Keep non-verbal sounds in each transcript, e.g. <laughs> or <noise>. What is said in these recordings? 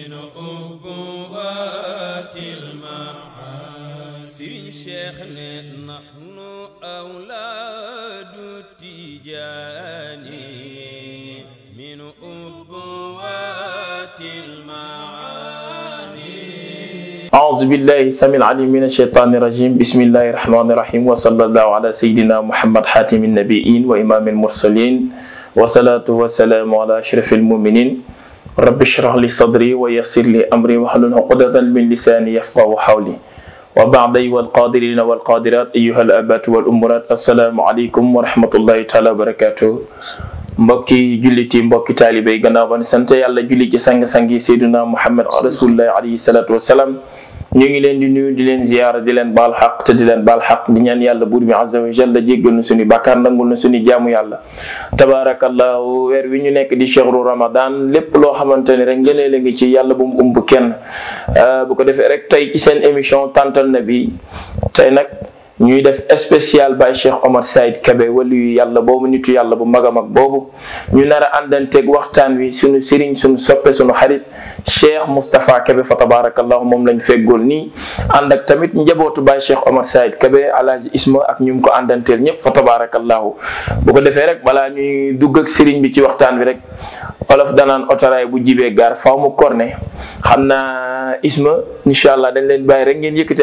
من أبوات المعاصي شيخنا نحن أولاد تجاني من أبوات المعاني أعوذ بالله السميع العليم من الشيطان الرجيم بسم الله الرحمن الرحيم وصلى الله على سيدنا محمد حاتم النبيين وإمام المرسلين وصلاة والسلام على أشرف المؤمنين رب اشرح لي صدري ويسر لي امري واحلل عقده من لساني يفقهوا حولي وبعد ايها والقادرين والقادرات ايها الابات والامرات السلام عليكم ورحمه الله تعالى وبركاته مبكي جليتي مبكي طالبي غنا بان سنت يالله جلي سانغ سانغي سيدنا محمد رسول الله عليه الصلاه والسلام ñu ngi leen di nuyu di leen ziyaara di leen baal xaq te di leen baal xaq di ñaan yàlla buur bi azza wa jalla jéggal na suñu bàkkaar nangul na suñu jaamu yàlla tabaarakallahu weer wi ñu nekk di chehru ramadan lépp loo xamante ne rek ngëneel a ngi ci yàlla bu mu umb kenn euh, bu ko defee rek tey ci seen émission tàntal na bi tey nag ñuy def spécial bay Cheikh Omar Saïd Kébé wali yàlla boobu nit yàlla bu mag a mag boobu ñu nar a waxtaan wi suñu sëriñ suñu soppe suñu xarit Cheikh Moustapha Kébé fa tabarakallahu moom lañu feggool nii ànd ak tamit njabootu bay Cheikh Omar Saïd Kébé alaaji isma ak ñu ko àndanteel ñëpp fa tabarakallahu bu ko defee rek balaa ñuy dugg ak bi ci waxtaan wi rek olof danaan otoraay bu jibee gaar faaw mu korne xam naa isma incha allah dañ leen bàyyi rek ngeen yëkkati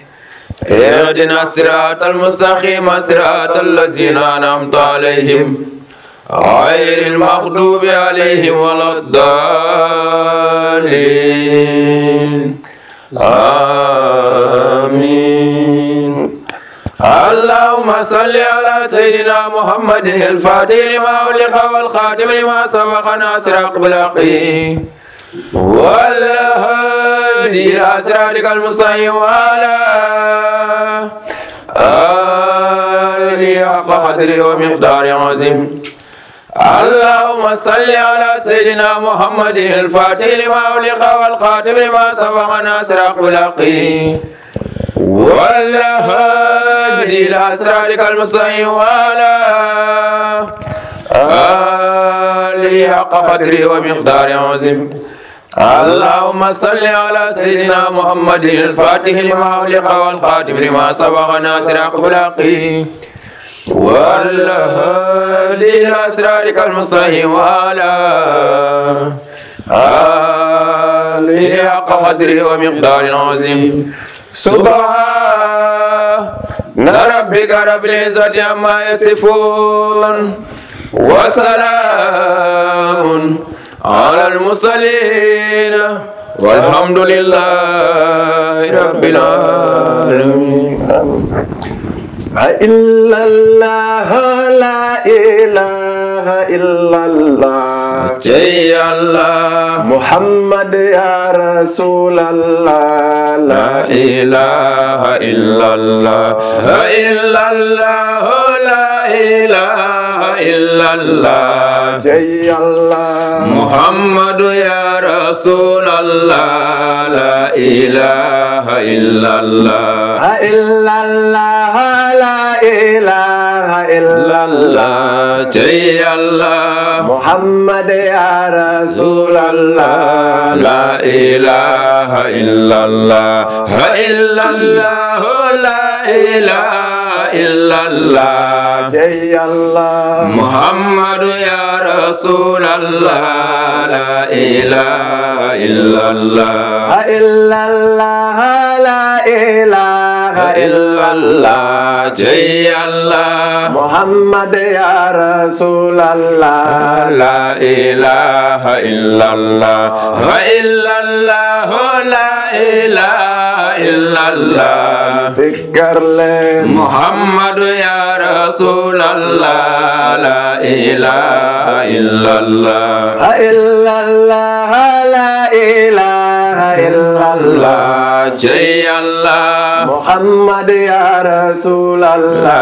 اهدنا الصراط المستقيم صراط الذين أنعمت عليهم غير المغضوب عليهم ولا الضالين آمين اللهم صل على سيدنا محمد الفاتح لما أغلق والخاتم لما سبق ناصر أقبل أقيم والهادي الهادي إلى صراطك المستقيم وعلى آله حق قدره ومقدار عظيم اللهم صل على سيدنا محمد الفاتح لما أغلق والخاتم لما سبق ناصر أخلاقه والهادي إلى صراطك المستقيم وعلى آله حق قدره ومقدار عظيم اللهم صل على سيدنا محمد الفاتح لما أغلق والخاتم لما سبق ناصر قبل والله إلى أسرارك المستقيم وعلى آله حق قدره ومقدار عظيم سبحان ربك رب العزة عما يصفون وسلام على المرسلين والحمد لله رب العالمين إلا الله لا إله إلا الله جي الله محمد يا رسول الله لا إله إلا الله إلا الله لا إله إلا الله جي الله محمد يا رسول الله لا إله إلا الله إلا الله لا إله إلا الله جي الله محمد يا رسول الله لا إله إلا الله إلا الله ইল্লাল্লাহ জয় আল্লাহ মুহাম্মাদু ইয়া রাসূলাল্লাহ লা ইলাহা ইল্লাল্লাহ ইল্লাল্লাহ লা ইলাহা ইল্লাল্লাহ জয় আল্লাহ মুহাম্মদ ইয়া রাসূলাল্লাহ লা ইলাহা ইল্লাল্লাহ ইল্লাল্লাহ লা ইলাহা إلا الله محمد يا رسول الله لا إله إلا الله إلا الله لا إله إلا الله جي الله محمد يا رسول الله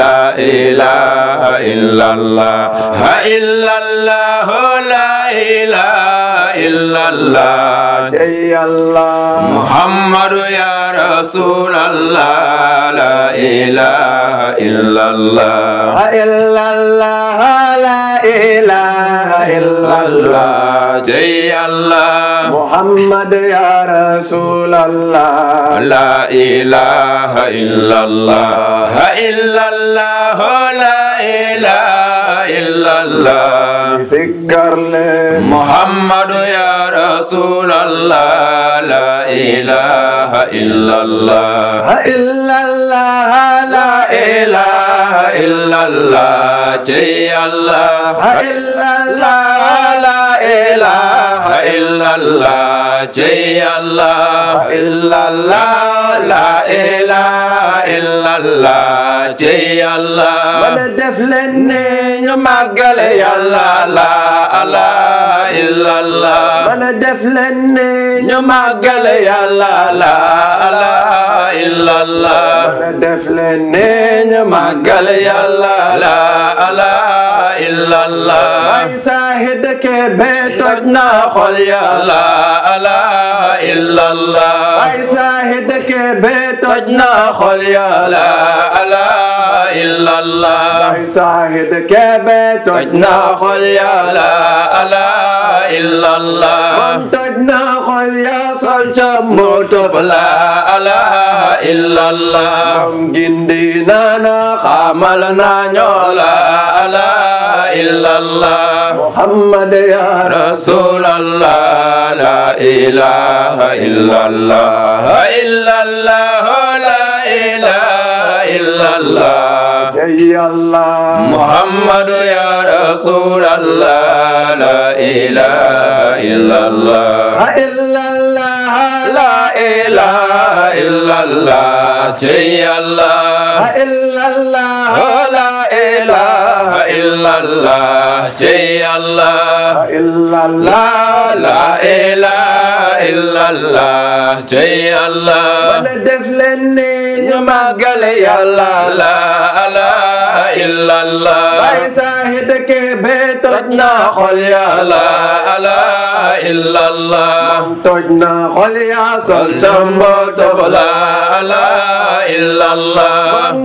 لا إله إلا الله إلا الله لا إله illallah jai Allah Muhammadu ya Rasulallah la ilaha illallah la illallah la ilaha illallah jai Allah Muhammad ya Rasulallah la ilaha illallah illallah la ilaha illallah Zikarle Muhammadu ya Rasulallah La ilaha illallah La illallah La ilaha illallah Jai Allah La illallah La ilaha إلا الله جي الله إلا الله لا إله إلا الله جي الله من دفلني مقل يلا لا لا إلا الله من دفلني مقل يلا لا لا إلا الله من دفلني مقل يلا لا لا إلا الله ما يساعدك بيتك ناخ قل يا لا اله الا الله اي زاهدك بتجنا قل يا لا اله إلا الله صاحب كعبة تدنا خليا لا ألا إلا الله تدنا خليا صلصة مرتب لا ألا إلا الله ممكن خاملنا نولا إلا الله محمد يا رسول الله لا إله إلا الله إلا الله لا إله illallah Jai Allah Muhammadu ya Rasulallah La ilaha illallah La illallah La ilaha illallah Jai Allah La illallah La ilaha illallah Jai illallah illallah la ilaha illallah jay Allah bana def leen ne ñu màggal yàlla la ilaha illallah bay saahid ke be toj na xol yàlla la illallah toj na xol ya sol sambo tof la la illallah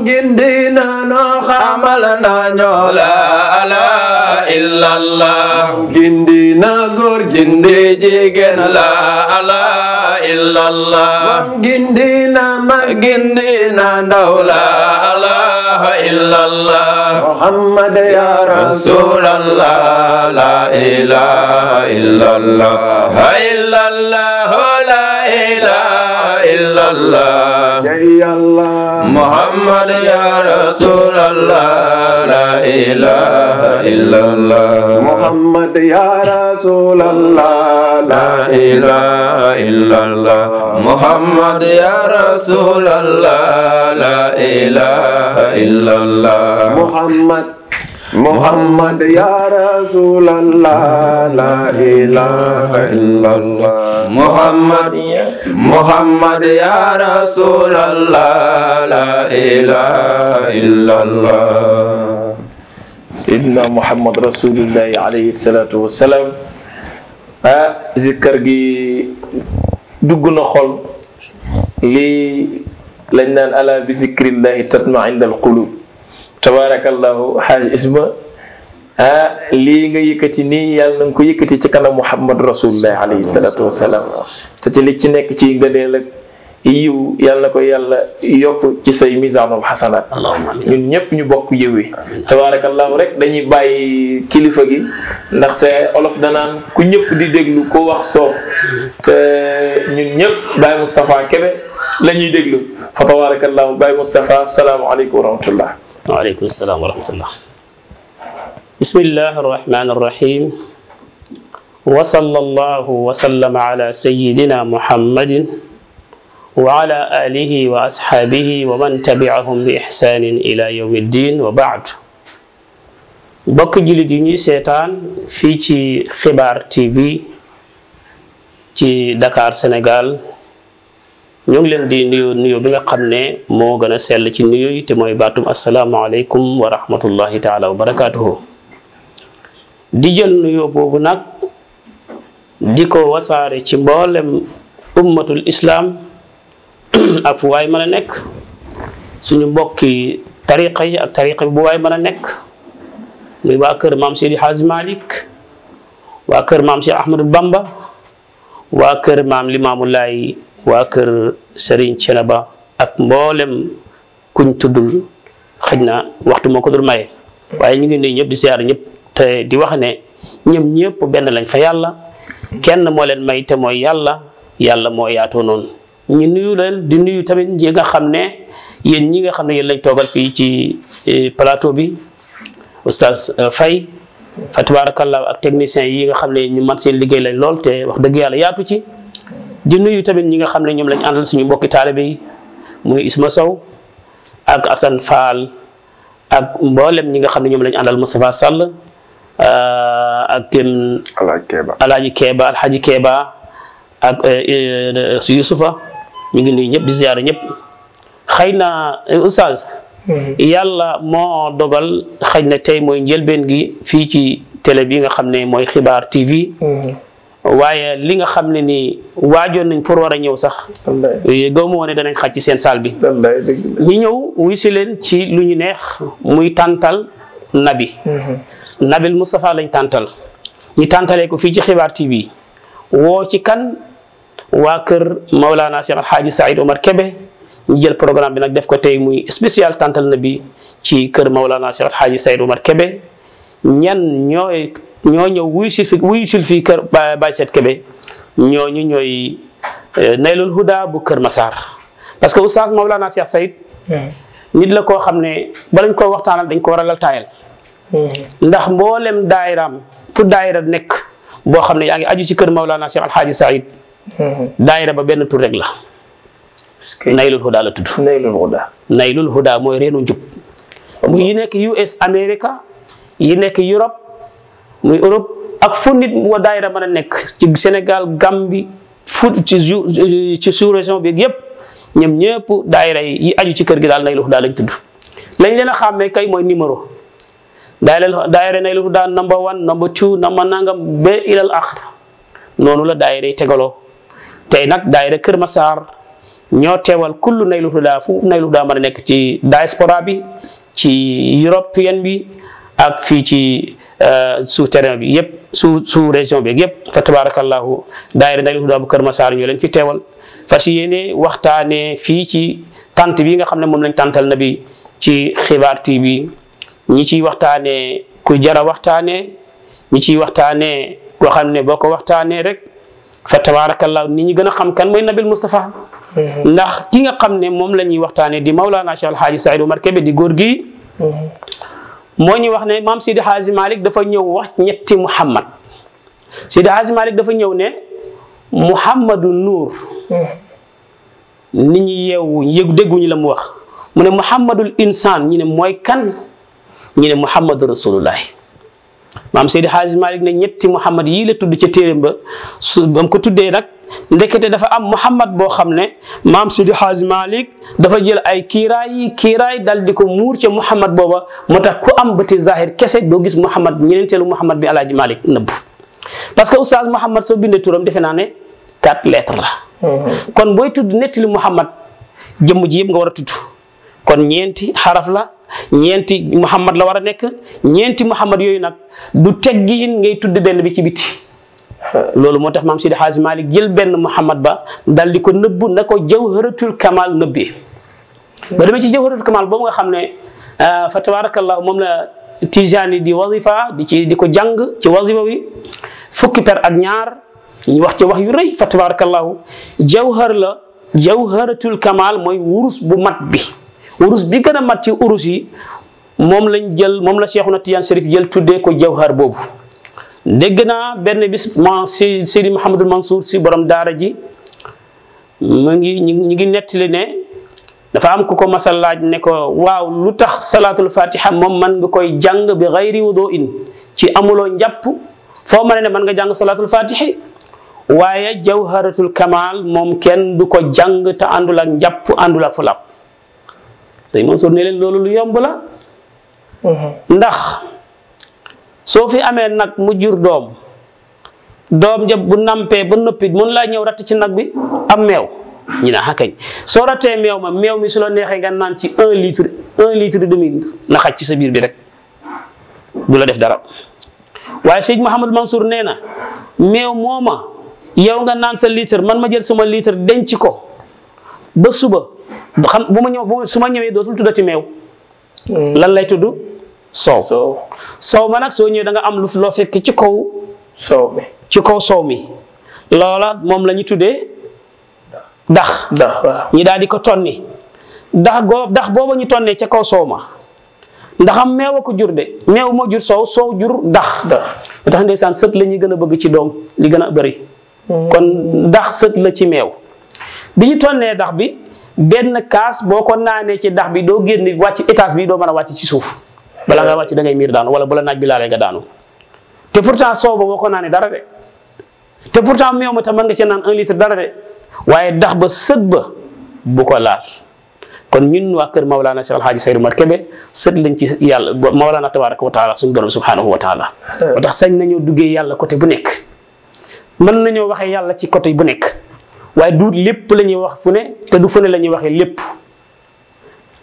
ngindi na no xamal na ñoo la la illallah gindi na góor gindi jigéen la ala illallah gindi na mag gindi na ndaw la ala illallah muhammad ya rasulallah la ilaha illallah illallah الله محمد يا رسول الله لا إله إلا الله محمد يا رسول الله لا إله إلا الله محمد يا رسول الله لا إله إلا الله محمد محمد يا رسول الله لا إله إلا الله محمد محمد يا رسول الله لا إله إلا الله سيدنا محمد رسول الله عليه الصلاة والسلام آه، ذكر جي دقنا dugg لي xol lii بذكر الله ala القلوب tabarakallahu xaaj isma ah lii nga yëkkati nii yàlla na nga ko yëkkati ci kanam muhammad rasulullah alayhi salatu wasalaam te ci li ci nekk ci ngëneel ak yiw yàlla na ko yàlla yokk ci say misaanul xasanaat ñun ñëpp ñu bokk yëwi tabaarakallaahu rek dañuy bàyyi kilifa gi ndaxte olof danaan ku ñëpp di déglu ko wax soof te ñun ñëpp Baye Moustapha Kébé la ñuy déglu fa tabaarakallaahu Baye Moustapha salaamualeykum wa rahmatullah وعليكم السلام ورحمة الله بسم الله الرحمن الرحيم وصلى الله وسلم على سيدنا محمد وعلى آله وأصحابه ومن تبعهم بإحسان إلى يوم الدين وبعد بك جلد سيطان في خبار تي في دكار سنغال ñoo ngi leen di nuyu nuyu bi nga xam ne moo gën a sell ci nuyu yi te mooy baatum asalaamaaleykum wa rahmatullahi taala wa barakaatuhu di jël nuyo boobu nag di ko wasaare ci mboolem ummatul islaam <clears throat> ak fu waay mën a nekk suñu mbokki tariqa yi ak tariqa bu waay mën a nekk muy waa kër maam Seydi Hadji Malick waa kër maam Cheikh Ahmadou Bamba waa kër maam Limaamulaay waa kër sëriñ Thiénaba ak mboolem kuñ tuddul xëj na waxtu moo ko dul maye waaye ñu ngi nuyu ñëpp di siyaar ñëpp te di wax ne ñoom ñëpp benn lañ fa yàlla kenn moo leen may te mooy yàlla yàlla moo yaatoo noonu ñu nuyu leen di nuyu tamit ñi nga xam ne yéen ñi nga xam ne yéen lañ toogal fii ci eh, plateau bi oustaz eh, Faye fa tabarakallah ak technicien yi nga xam ne ñu man seen liggéey lañ lool te wax dëgg yàlla yaatu ci di nuyu tamit ñi nga xam ne ñoom lañ àndal suñu mbokki taalibe yi muy Isma Sow ak Assane Fall ak mboolem ñi nga xam ne ñoom lañ àndal Moustapha Sall euh, ak. Alaaji Keeba Alaaji Keeba ak su euh, euh, Yusufa mu ngi nuyu ñëpp di ziyaara ñëpp xëy na oustaz. Mm-hmm. yàlla moo dogal xëy na tey mooy njëlbeen gi fii ci tele bi nga xam ne mooy xibaar TV. Mm-hmm. waaye li nga xam ne ni waajoon nañ pour war a ñëw sax eh, gawma woon ne danañ xaj seen saal bi ñu ñëw wuy leen ci lu ñu neex muy tàntal nabi mm-hmm. nabil Moustapha lañ tàntal ñu tàntalee ko fii ci xibaar TV woo ci kan waa kër Maulana Cheikh Alhaaji Saïd Omar Kebe ñu jël programme bi nag tey muy spécial tàntal nabi ci kër Maulana Cheikh Alhaaji Saïd Omar Kebe ñan ñooy ñoo ñëw wuyu si wuyu sul fii kër Baye Seet Kébé ñooñu ñooy eh, Naylul Huda bu Kër Massar parce que oustaz Mawlana Cheikh Saïd hmm. nit la koo xam ne balañ koo waxtaanal dañ ko war a lal taayal hmm. ndax mboolem daayiraam fu daayira nekk boo xam ne yaa ngi aju ci kër Mawlana Cheikh Alhaaji Saïd hmm. daayira ba benn tur rek la Naylul Huda la tudd Naylul Huda mooy reenu njub muy yi nekk US America yi nekk Europe muy Europe ak fu nit wa daayira mën a nekk ci Sénégal Gambie fu ci ci sous région bi yëpp ñoom ñëpp daayira yi aju ci kër gi daal Naylul Huda lañ tudd lañ leen a xàmmee kay mooy numéro daayira daayira Naylul Huda number one number two number nangam ba ilal axr noonu la daayira yi tegaloo tey nag daayira Kër Massar ñoo teewal kullu Naylul Huda fu daa Huda mën a nekk ci diaspora bi ci européenne bi ak fii ci Euh, sous terrain bi yëpp sous sous région bi yëpp fa tabarakallahu daayira Ndey Xudaa bu Kër Masaar ñoo leen fi teewal fas yéene waxtaane fii ci tant bi nga xam ne moom lañ tàntal na bi ci xibaar TV ñi ciy waxtaanee ku jara waxtaanee ñi ciy waxtaanee koo xam ne boo ko waxtaanee rek fa tabarakallahu ni ñi gën a xam kan mooy Nabil Moustapha mm-hmm. ndax ki nga xam ne moom la ñuy waxtaanee di Mawlaana Cheikh Alhaaji Saïd Omar Kébé di góor gi mm-hmm. moo ñu wax ne maam Sidi Hadj Malick dafa ñëw wax ñetti Muhammad Sidi Hadj Malick dafa ñëw ne Muhammadu Nuur nit ñi yeewu yëg dégguñu la mu wax mu ne Muhammadul insaan ñu ne mooy kan ñu ne Muhammadu Rasulullahi maam Sidi Hadj Malick ne ñetti Muhammad yii la tudd ca téeréem ba su ba ko tuddee nag. ndekete dafa am Muhammad boo xam ne maam su Sidi Xaaji Malik dafa jël ay kiiraay yi kiiraay dal di ko muur ca Muhammad booba moo tax ko am bëti zahir kese doo gis Muhammad ñeneenteelu Muhammad bi Alaaji Malik nëbbu parce que oustaz Muhammad soo bindee turam defe naa ne quatre lettres la mm-hmm. kon booy tudd nettali Muhammad jëmm ji yëpp nga war a tudd kon ñeenti xaraf la ñeenti Muhammad la war a nekk ñeenti Muhammad yooyu nag du teggiin ngay tudd benn bi ci biti loolu moo tax maam Sidi Xaasi Malik jël benn Muhammad ba dal di ko nëbb na ko jawharatul kamal nëbbi ba demee ci jawharatul kamal boobu nga xam ne euh, fa tabarakallahu moom la Tijaani di wazifa di ci di ko jàng ci wazifa wi fukki per ak ñaar ñu wax ci wax yu rëy fa tabarakallahu jawhar la jawharatul kamal mooy wurus bu mat bi wurus bi gën a mat ci urus yi moom lañ jël moom la Seexuna Tijaan Sariif jël tuddee ko jawhar boobu dégg naa benn bis ma si Seydi Mouhamadul Mansour si borom daara ji mu ngi ñu ngi nettali ne dafa am ku ko masal laaj ne ko waaw lu tax salaatul fatiha moom man nga koy jàng bi xayri wudo in ci amuloo njàpp foo mën ne mën nga jàng salaatul fatiha waaye jawharatul kamal moom kenn du ko jàng te àndul ak njàpp àndul ak fulab Seydi ne leen loolu lu yomb la mm-hmm. ndax so fi amé nak mu jur dom dom ja bu nampé bu nopit mun la ñëw ratt ci nak bi am meew ñi na ah, hakay so raté meew ma meew mi su lo nexé nga nan ci 1 litre 1 litre demi na xaj ci sa bir bi rek du la def dara waye sëñ mohammed Mansour néna na moma yow nga nan sa litre man ma jël suma litre denc ko ba suba xam bu ma ñëw bu su dootul hmm. lan lay tuddu soow soow ma nag soo ñëwee danga am lu loo fekk ci kaw soow kaw soow mi loola moom la tuddee dax ñi daal di ko tonni dax goo dax booba ñu tonnee ci kaw soow ma ndaxam meew a ko jur de meew ma jur soow soow jur dax ba tax ndeysaan sët la ñuy gën a bëgg ci doom li gën a bëri hmm. kon dax sët la ci meew bi ñu tonnee dax bi benn kaas boo ko naanee ci dax bi doo génn wàcc étage bi doo mën a wàcc ci suuf balaa ngaa wàcc da ngay miir daanu wala bala naaj bi laalee nga daanu te pourtant soow ba boo ko dara de te pourtant meew ma tam mën nga cee naan un litre dara de waaye dax ba sët ba bu ko laal kon ñun wax kër Maolana Cheikh Alhaji Seydou Mar Kébé sët lañ ci yàlla Maolana tabaraka wa taala suñu borom subhanahu wa taala tax sañ nañoo duggee yàlla côté bu nekk mën nañoo waxee yàlla ci côté bu nekk waaye du lépp la ñuy wax fune te du fu lañuy waxee lépp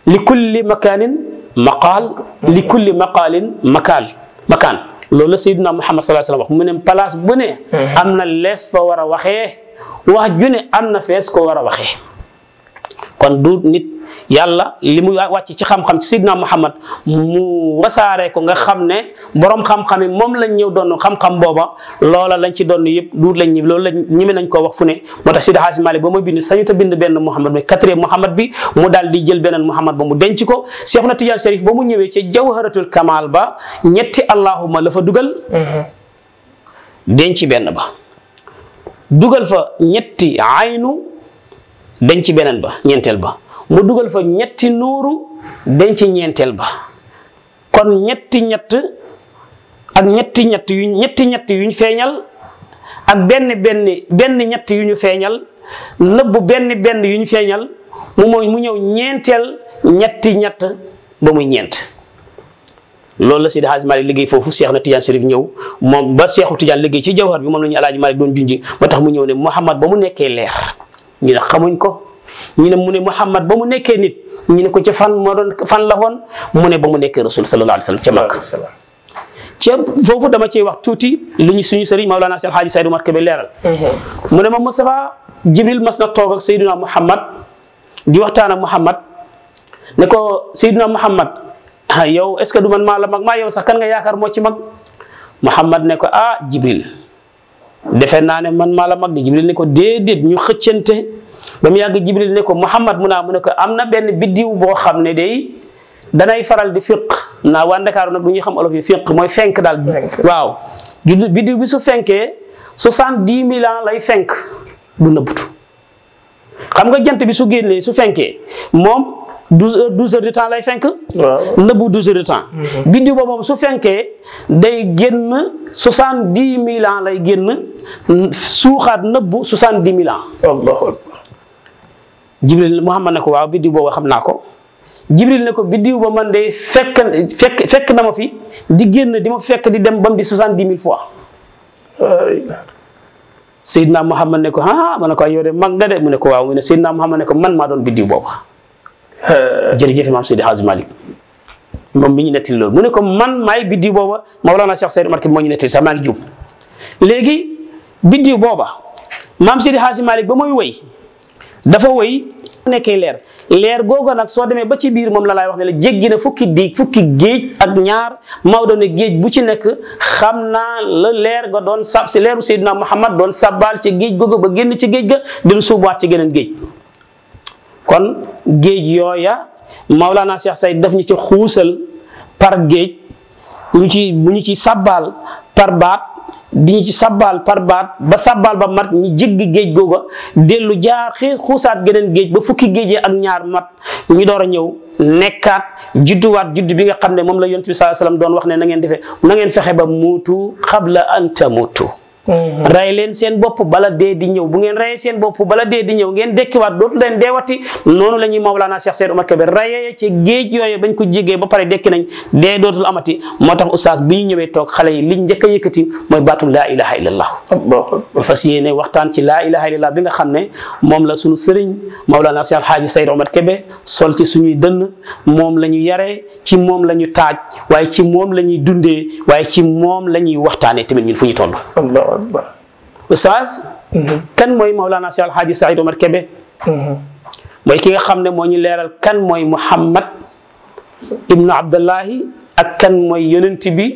li kulli makaanin maqaal li kulli maqaalin makaal makaan loolu la sayyidina Muhammad sallallahu alayhi wa sallam wax mu ne place bu ne hmm. am na lees fa war a waxee wax ju ne am na fees ko war a waxee kon du nit yàlla li mu wàcc ci xam-xam ci sidna muhammad mu wasaare ko nga xam ne borom xam-xam yi moom lañ ñëw doon xam-xam booba loola lañ ci doon yëpp duut lañ ñi loolu lañ ñime nañ koo wax fu ne moo tax Sidi Hadj Malick ba ma bind sañu ta bind benn muhammad mais quatrième muhammad bi mu daal di jël beneen muhammad ba mu denc ko Cheikh na Tidiane Chérif ba mu ñëwee ci jawharatul kamal ba ñetti allahuma la fa dugal mm-hmm. denc benn ba dugal fa ñetti aynu denc beneen ba ñeenteel ba mu dugal fa ñetti nuuru denc ñeenteel ba kon ñetti ñett ak ñetti ñett yu ñetti ñett yuñ feeñal ak benn benn benn ñett yu ñu feeñal nëbbu benn benn yu ñu feeñal mu mooy mu ñëw ñeenteel ñetti ñett ba muy ñeent lool la Seydi Hadji Malick liggéey foofu Cheikh na Tidiane Chérif ñëw moom ba Cheikhu Tidiane liggéey ci jawhar bi moom la ñu Alaaji Malick doon junji ba tax mu ñëw ne Muhammad ba mu nekkee leer ñu ne xamuñ ko ñu ne mu ne Muhammad ba mu nekkee nit ñu ne ko ci fan moo doon fan la woon mu ne ba mu nekkee rasul sallallahu alayhi wa sallam ca Makka ci foofu dama ciy wax tuuti lu ñu suñu sëriñ Maolana Seex Alxaaji Sayd Umar Kebe leeral mhm. mu ne ma Moustapha Jibril mas na toog ak Seydina Muhammad di waxtaan ak Muhammad ne ko Seydina Muhammad yow est-ce que du man maa la mag maa yow sax kan nga yaakaar moo ci mag Muhammad ne ko ah Jibril defe naa ne man maa la mag di Jibril ne ko déedéet ñu xëccante ba mu yàgg jibril ne ko muhammad mu naa mu ne ko am na benn biddiw boo xam ne day danay faral di fiq naa waa ndakaaru nag du ñuy xam olof yi fiq mooy fenk daal waaw biddiw bi su fenkee soixante-dix mille ans lay fenk du nga jant bi su génnee su fenkee moom douze heures douze lay fenk. nëbbu douze heures de temps. Mm-hmm. biddiw ba moom su fenkee day génn soixante dix mille ans lay génn suuxaat nëbbu soixante dix mille ans. jibril muhammad ne ko waaw biddiw boobu xam naa ko jibril ne ko biddiw ba man de fekk fekk fekk na ma fi di génn di fekk di dem ba mu di soixante-dix mille fois Seydina Muhammad ne ko ah, ah ma ne ko yow de nga de mu ne ko waaw mu ne Seydina Muhammad ne ko man maa doon biddiw boobu jërëjëf maam Seydi Hadji Malick moom mi ñu nettali mu ne ko man maay biddiw booba Mawlana Cheikh Seydou Marke moo ñu nettali sax maa ngi jub léegi booba maam Seydi Hadji Malick ba muy woy dafa woy nekkee leer leer googu nag soo demee ba ci biir moom la lay wax na la jéggi na fukki diig fukki géej ak ñaar Maodo ne géej bu ci nekk xam naa la leer ga doon sab si leeru Seydina Muhammad doon sabbaal ci géej googu ba génn ci géej ga di lu suubaat ci geneen géej kon géej yooya Maolana Cheikh Sayd daf ñu ci xuusal par géej ci bu ñu ci sabbaal par baat diñu ci sabal par baat ba sabal ba mat ñi jéggi géej googa dellu jaar xii xuusaat geneen géej ba fukki géejee ak ñaar mat ñu door a ñëw nekkaat judduwaat judd bi nga xam ne moom la yonent bi sallallahu alayhi wasallam doon wax ne na ngeen defee na ngeen fexe ba muutu la an tamuutu Mhm. rey leen seen bopp bala dee di ñëw bu ngeen rayee seen bopp bala dee di ñëw ngeen dekkiwaat dootu leen deewati noonu la ñuy Mawlana Cheikh Seydou Omar Kébé reyee ci géej yooyu bañ ko jigee ba pare dekki nañ dee dootul amati moo tax oustaz bi ñu ñëwee toog xale yi liñ njëkk a yëkkati mooy baatul laa ilaha illallah ba fas yéene waxtaan ci laa ilaha illallah bi nga xam ne moom la suñu sëriñ Mawlana Cheikh Alhaaji Seydou Omar Kébé sol ci suñuy dënn moom la ñu yaree ci moom la ñu taaj waaye ci moom la ñuy dundee waaye ci moom la ñuy waxtaanee tamit ñun fu ñu toll akbar oustaz mhm. kan mooy Mawlana Cheikh Alhaaji Saïd Omar Kébé mhm. mooy ki nga xam ne moo ñu leeral kan mooy Muhammad ibnu Abdullahi ak kan mooy yonent bi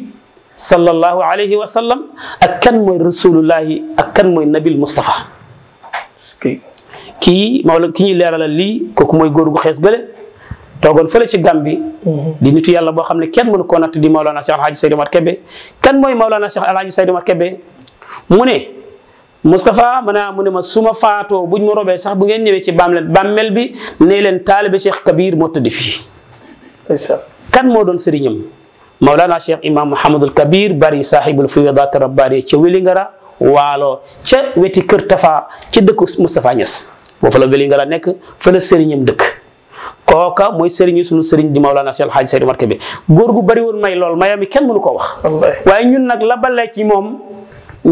sallallahu alayhi wa sallam ak kan mooy rasulullahi ak kan mooy nabil Mustafa kii Maola ki ñuy leeral lii kooku mooy góor gu xees gële toogoon fële ci gàm bi mhm. di boo xam ne kenn mënu koo natt Mawlana Cheikh Alhaji Seydou Mar Kébé kan mooy Mawlana Cheikh Alhaji Seydou Mar Kébé mu ne Moustapha ma naa ah, mu ne ma suma ma faatoo buñ ma robee sax bu ngeen ñëwee ci bàmmeel bàmmeel bi nee leen taalibe Cheikh Kabir moo tëdd fii. kan moo doon sëriñam Mawlana Cheikh Imam Mouhamadul Kabir bari saaxibul fuyadat rabbaani ca Wélingara waalo ca weti kër Tafa ca dëkku Moustapha Niass boo fa la nekk fa la dëkk. kooka mooy sëriñu sunu sëriñ di Mawlana Cheikh Alhaji Seydou Marke bi góor gu bari woon may lool mayami kenn mënu koo wax. waaye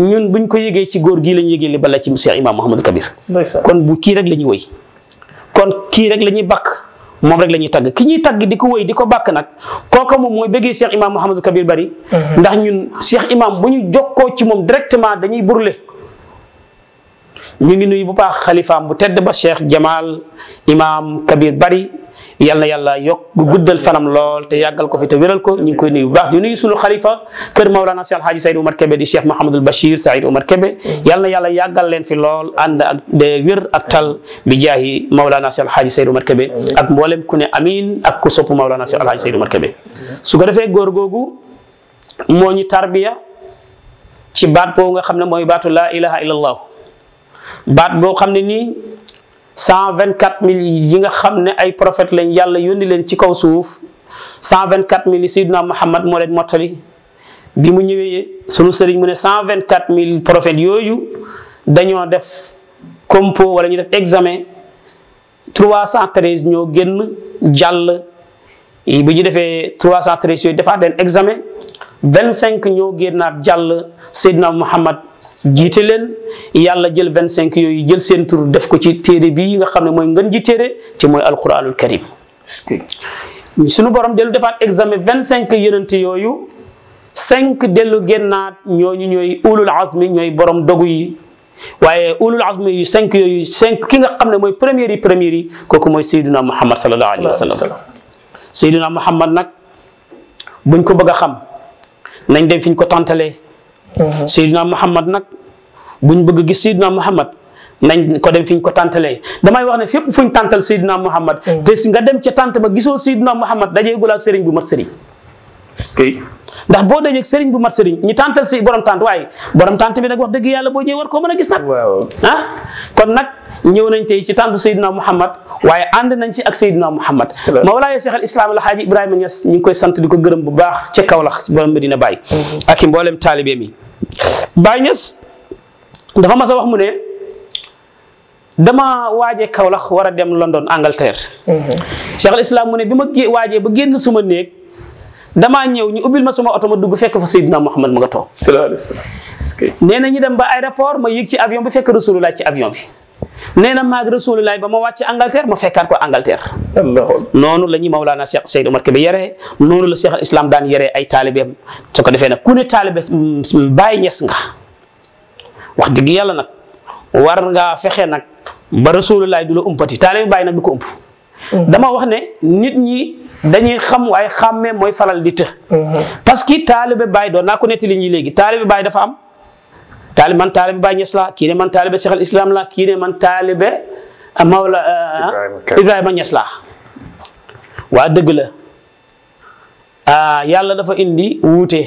ñun buñ ko yëgee ci góor gii lañ yëgee li bala ci Cheikh Imam Mouhamadou Kabir kon bu kii rek la ñuy woy kon kii rek la ñuy bàkk moom rek la ñuy tagg ki ñuy tagg di ko woy di ko bàkk nag kooka moom mooy bëggee Cheikh Imam Mouhamadou Kabir Bari mhm. ndax ñun Cheikh Imam bu ñu jokkoo ci moom directement dañuy burle ñu ngi nuyu bu baax xalifaam bu tedd ba Cheikh Jamal Imam Kabir Bari yal na yàlla yokk guddal fanam lool te yàggal ko fi te wéral ko ñu ngi koy nuyu bu baax di nuyu sunu xalifa kër Maolana si alxaaji Saïd Omar Kebe di Cheikh Mahamadul Bachir Saïd Omar Kebe yal na yàlla yàggal leen fi lool ànd ak de wér ak tal bi jaahi Maolana si alxaaji Saïd Omar Kebe ak mboolem ku ne amin ak ku sopp Maolana si alxaaji Saïd Omar Kebe su ko defee góor googu moo ñu tarbiya ci baat boobu nga xam ne mooy baatu la ilaha illallah baat boo xam ne cent vingt quatre mille yi nga xam ne ay prophète lañ yàlla yónni leen ci kaw suuf cent vingt quatre mille yi sayyiduna Muhammad moo leen mottali bi mu ñëwee sunu sëriñ mu ne cent vingt quatre mille prophètes yooyu dañoo def compo wala ñu def examen trois cent treize ñoo génn jàll bu ñu defee trois cent treize yooyu defaat leen examen vingt cinq ñoo génnaat jàll sayyiduna Muhammad jiite leen yàlla jël 25 yoy jël sen tour def ko ci téré bi nga xamné moy ngeen ngën ji téere te mooy alquranul karim suñu borom dellu defaat examen 25 yonent yoyu 5 delu gennat ñoñu ñoy ulul azmi ñoy borom dogu yi waye ulul azmi 5 cinq 5 ki nga xamné moy premier yi premier yi koku moy sayduna muhammad sallallahu alayhi wasallam sallam muhammad nak buñ ko bëgg xam nañ dem fiñ ko tantalé sayduna muhammad nag buñ bëgg gis muhammad nañ ko dem fiñ ko tantalé damay wax né fepp fuñ tantal sidna muhammad mm. si nga dem ci tante ba gisoo sidna muhammad gul ak sëriñ bu mat sëriñ ndax bo dajee ak sëriñ bu mat sëriñ ñi tantal si borom tante way borom tante bi nak wax dëgg yalla bo ñëw war ko mëna a gis nag ha ah? kon nak ñëw nañ tay ci tante sayidina muhammad way and nañ ci ak sayidina muhammad ya cheikh al islam al haaji ibrahim ñes ñi koy sant diko gërëm bu baax ci kawlax borom medina bay mm-hmm. ak talibé mi bay dafa mas a wax mu ne dama waaje Kaolack war a dem London Angleterre. Mhm. Cheikh al Islam mu ne bi ma waaje ba génn suma néeg damaa ñëw ñu ubbil ma suma oto ma dugg fekk fa Seydina Muhammad ma nga toog. salaamaaleykum. nee na ñu dem ba aéroport ma yéeg ci avion bi fekk Rasulullah ci avion bi. nee na maag rasulullaay ba ma wàcc Angleterre ma fekkaat ko Angleterre noonu la ñuy Mawlaana Cheikh Seydou Omar Kébé yaree noonu la Cheikh al Islam daan yaree ay taalibeem su ko defee na ku ne taalibe mm, bàyyi ñes nga wax deug yalla nak war nga fexé nak ba rasulullah dula umpati talib bay nak umpu. ump mm-hmm. dama wax né nit ñi dañuy xam way xamé moy faral di të mm-hmm. parce que talib bay do nak ko li ñi légui talib bay dafa am talib man talib bay la né man talib cheikh al islam la ki né man talib ah, mawla ah, ah, ibrahim ñes la deug la ah yalla dafa indi wuté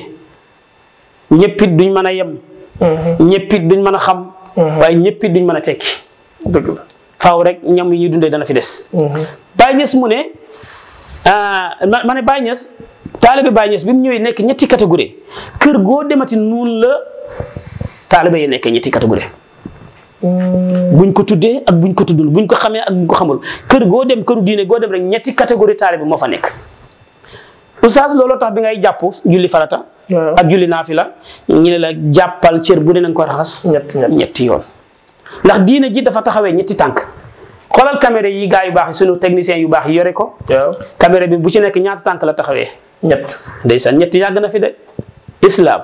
ñëppit duñ mëna yam Mm-hmm. ñëppit duñ mën a xam. Mm-hmm. waaye ñëppit duñ mën a tekki. dëgg faaw rek ñam yi ñuy dundee dana fi des. Mm-hmm. Baye Niass mu ne ah, ma ma ne Baye Niass taalibe Baye Niass bi mu ñëwee nekk ñetti catégorie kër goo demati noonu la taalibe yi nekk ñetti catégorie. buñ ko tuddee ak buñ ko tuddul buñ ko xamee ak buñ ko xamul kër goo dem këru diine goo dem rek ñetti catégorie taalibe moo fa nekk. oustaz looloo tax bi ngay jàpp julli farata. ak julli la ñu ne la jàppal cër bu ne na ko raxas ñetti yoon ndax diine ji dafa taxawee ñetti tànk xoolal caméra yi gaa yu baax yi sunu technicien yu baax yore ko caméra bi bu ci nekk ñaata tànk la taxawee ñett ndeysaan ñett yàgg na fi de islam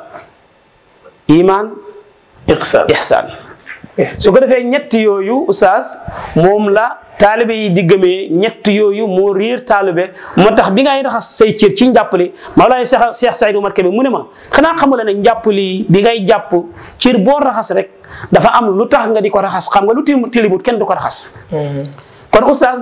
iman ihsan ihsan su ko defee ñett yooyu oustaz moom la taalibe yi di gëmee ñett yooyu moo réer taalibe moo tax bi ngay raxas say cër ci njàppali Mawlaay Cheikh Cheikh Saïd Omar Kébé mu ne ma xanaa xamula ne njàppali bi ngay jàpp cër boo raxas rek dafa am lu tax nga di ko raxas xam nga lu tilimut kenn du ko raxas mm-hmm. kon oustaz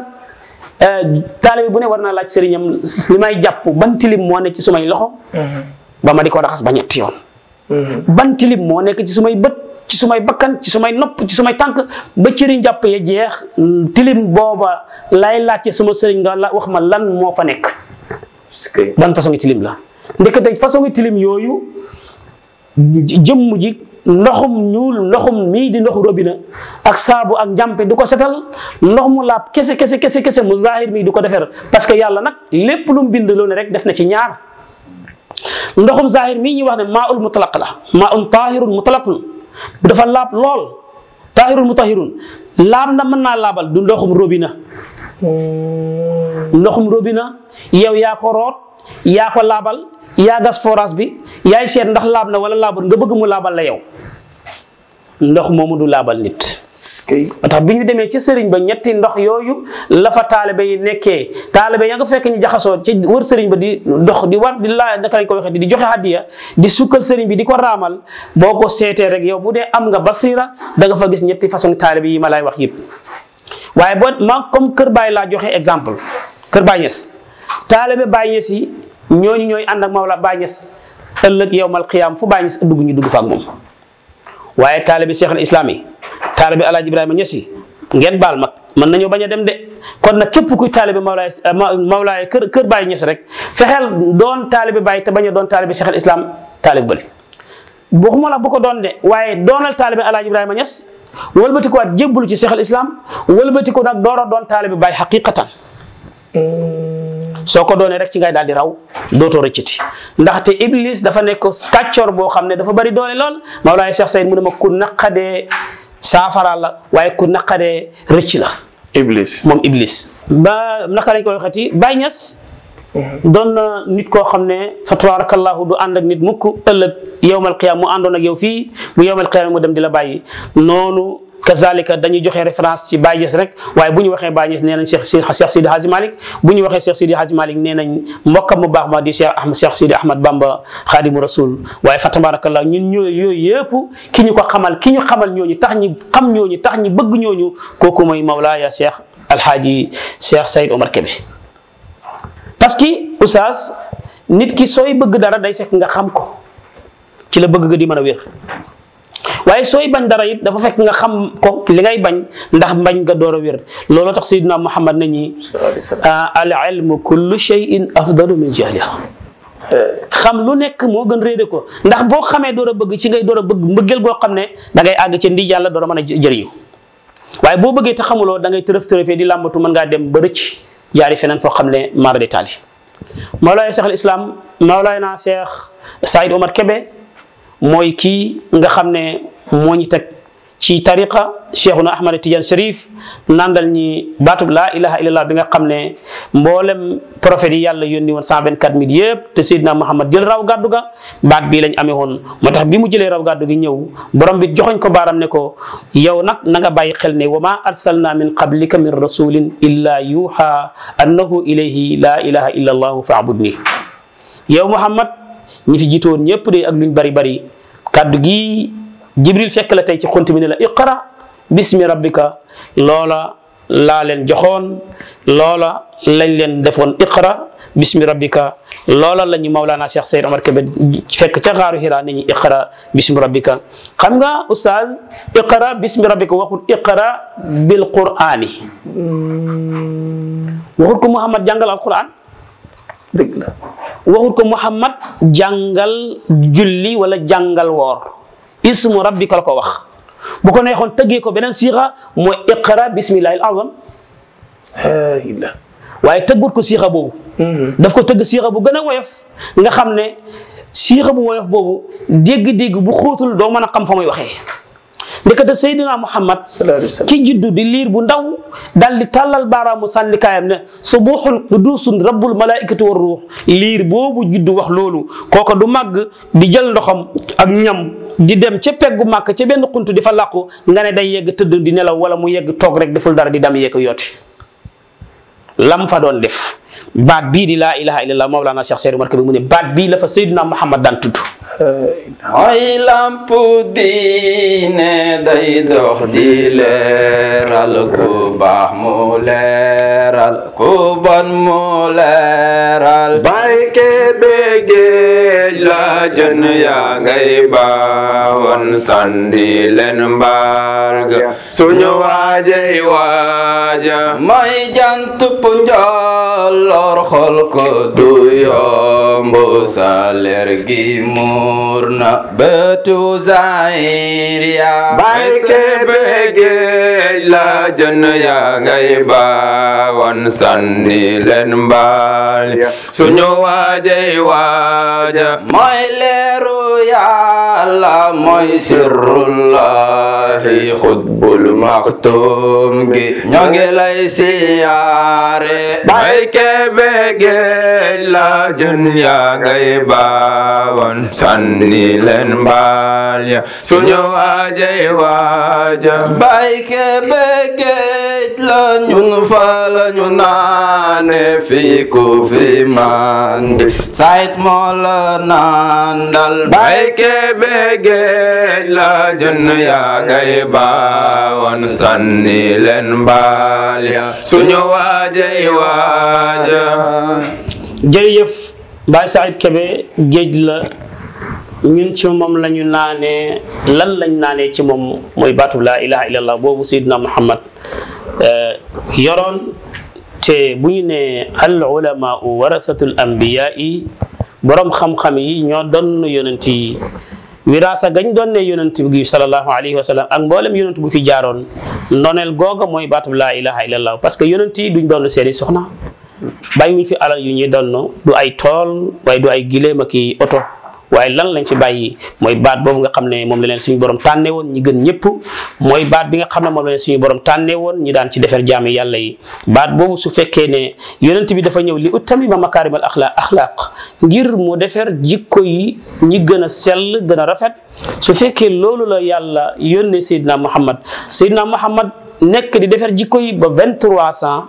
euh, taalibe bu ne war naa laaj sëriñam li may jàpp ban tilim ci sumay loxo mm-hmm. ba ma mm-hmm. ban tilim moo nekk ci sumay bët ci may bakkan ci sumay nopp ci sumay tànk ba cëriñ jàpp ya jeex tilim booba lay laajte suma sëriñ nga la wax ma lan moo fa nekk ban façon ngi tilim la ndekete façon ngi tilim yooyu jëmm ji ndoxum ñuul ndoxum mii di ndoxu robina ak saabu ak njàmpe du ko setal ndox mu laab kese kese kese kese mu zahir mii du ko defer parce que yàlla nag lépp lu mu bind loo rek def na ci ñaar ndoxum zahir mii ñuy wax ne maa ul mutlaq la maa um tahirun mutlaqun dafa laab lool tahirun mutahirun laab na mën naa laabal du ndoxum robina ndoxum robina yow yaa ko root yaa ko laabal yaa gas foras bi yaay seet ndax laab na wala laabul nga bëgg mu laabal la yow ndox moomu du laabal nit ba tax bi ñu demee ci sëriñ ba ñetti ndox yooyu la fa taalibe yi nekkee taalibe ya nga fekk ñu jaxasoo ci sëriñ ba di dox di war laa naka lañ ko waxee di joxe hadiya di sukkal sëriñ bi di ko raamal boo ko seetee yow bu dee am nga basira da nga fa gis ñetti façon taalibe yi ma lay wax yëpp waaye boo ma comme kër Baay laa joxe exemple kër Baay Ñas taalibe Baay ñooñu ñooy ànd ak Mawla Baay Ñas ëllëg yowmal qiyaam fu Baay Ñas dugg ñu dugg fa ak moom waaye taalibe Seexul Islaam taalibe alaaji ibrahima ñesi ngeen baal mag mën nañoo bañ a dem de kon nag képp kuy taalibe mawlaay eh, mawlaay kër kër bàyyi ñes rek fexeel doon taalibe bàyyi te bañ a doon taalibe cheikh al islam taalibe bële waxuma la bu ko doon de waaye doonal taalibe alaaji ibrahima ñes wëlbati ko a doon soo ko doonee rek ci ngay daal di raw dootoo rëcciti ndaxte iblis dafa nekk kàccoor boo xam ne dafa bari doole lool mawlaay cheikh sayid mu ne ma ku naqadee saafara la waaye ku naqaree rëcc la. Iblis moom Iblis. ba naka lañ koy waxati Baye Niass. doon na nit koo xam ne fa tabarakallahu du ànd ak nit mukk ëllëg yowmal mu àndoon ak yow fii bu yowmal qiyaam mu dem la bàyyi noonu. kazalika dañuy joxe référence ci Baye rek waaye bu ñu waxee Baye Niass nee nañ Cheikh Cheikh Sidi Hadji Malick bu ñu waxee Cheikh Sidi Hadji Malick nee nañ mbokkam mu baax ma di Cheikh Ahmad Cheikh Sidi Ahmad Bamba Khadimu Rasul waaye fa tabarakallah ñun ñoo yooyu yëpp ki ñu ko xamal ki ñu xamal ñooñu tax ñi xam ñooñu tax ñi bëgg ñooñu kooku mooy Mawlaaya Cheikh Alhaaji Cheikh Sayd Omar Kébé parce que oustaz nit ki sooy bëgg dara day fekk nga xam ko ci la bëgg di mën a wér waaye sooy bañ dara it dafa fekk nga xam ko li ngay bañ ndax mbañ nga door a wér looloo tax sayyidina Muhammad ne ñi al ilmu kullu shay'in afdalu min jahliha xam lu nekk moo gën réere ko ndax boo xamee door a bëgg ci ngay door a bëgg mbëggeel goo xam ne dangay ngay àgg ci ndi yàlla door a mën a jëriñu waaye boo bëggee te xamuloo da ngay tërëf tërëfee di làmbatu mën ngaa dem ba rëcc jaari feneen foo xam ne mara de taali Mawlaay Cheikh al Islam Mawlaay naa Cheikh mooy kii nga xam ne moo ñu teg ci tariqa cheikhuna ahmad tidiane sharif nandal ñi baatu la ilaha illallah bi nga xam ne mboolem prophètes yàlla yónni woon cent vingt quatre mille yëpp te seydina muhammad jël raw gàddu baat bii lañ amee woon moo tax bi mu jëlee raw gàddu gi ñëw borom bi joxoñ ko baaram ne ko yow nag na nga bàyyi xel ne wa ma arsalna min qablika min rasulin illa yuha annahu ilayhi laa ilaha illa allahu faabudni yow muhammad ñi fi jiitoon ñëpp de ak luñ bari bari kàddu gi jibril fekk la tey ci xont bi la iqra bismi rabbika loola laa leen joxoon loola lañ leen defoon iqra bismi rabbika loola la ñu mawlaana cheikh sayd omar kebe fekk ca xaaru xira ni ñu iqra bismi rabbika xam nga oustaz iqra bismi rabbika waxul iqra bil qur'ani hmm. dëgg la waxut ko Muhammad jàngal julli wala jàngal woor ismu rabbika la ko wax bu ko neexoon tëggee ko beneen siixa mooy iqra bismillahi al azam waaye tëggut ko siixa boobu mhm. daf ko tëgg siixa bu gën a woyof nga xam ne siixa bu woyof boobu dégg-dégg bu xootul doo mën a xam fa muy waxee ndekete Seydina Muhammad ki juddu di liir bu ndaw dal di tàllal baaraamu sànnikaayam ne subuuxul quduusun rabbul malaikatu war ruux liir boobu juddu wax loolu kooka du màgg di jël ndoxam ak ñam di dem ca peggu màkk ca benn xunt di fa làqu nga ne day yegg tëdd di nelaw wala mu yegg toog rek deful dara di dem yegg yooti lam fa doon def baat bii di laa ilaha illallah Mawlana Cheikh Seydou Markabi mu ne baat bii la fa Seydina Muhammad daan tudd. mooy lamp diine day dox di leeral ku baax mu leeral ku bon mu leeral. bay ke bégee. jen ya gai ba wan sandi len barga ya. sunyo waje waja mai jant punjal lor khol ko duyo mbusaler gi murna betu zairia baike bege jen ya gai ya ba wan sandi len bal ya. sunyo waje waja Moilero yàlla mooy sirrullahi xutbul maxtum gi ñoo ngi lay siyaare bay Kébé géej la jën yaa ngay baawan sànni leen mbaal ya suñu waajay waaja bay Kébé géej la ñun fa la ñu naane fii ku fi mandi sayt moo la naan dal ay kebe géej la jën yaa ngay baawoon sànni leen mbaal ya suñu waajay waaja jërëjëf Baye Saïd Kébé géej la ñun ci moom la ñu naanee lan lañ naanee ci moom mooy baatu laa ilaha illallah boobu sayyidina muhammad eh, yoroon te bu ñu nee al ulamaau warasatul anbiyaa boroom xam-xam yi ñoo donn yonent yi wiraasa gañ doon ne yonent bi sallallahu alayhi wa sallam ak mboolem yonent bu fi jaaroon ndoneel googa mooy baatub laa ilaha illallah parce que yonent yi duñ doon seeni soxna bàyyi wuñ fi alal yu ñuy donn du ay tool waaye du ay giléem ak i oto waaye lan lañ ci bàyyi mooy baat boobu nga xam ne moom la leen suñu borom tànnee woon ñi gën ñëpp mooy baat bi nga xam ne moom la leen suñu borom tànnee woon ñi daan si defar jaami yàlla yi baat boobu su fekkee ne yonent bi dafa ñëw li utamima makaarimal axlaaq axlaaq ngir mu defar jikko yi ñi gën a sell gën a rafet su fekkee loolu la yàlla yónnee Seydina Muhammad Seydina Muhammad nekk di defar jikko yi ba 23 ans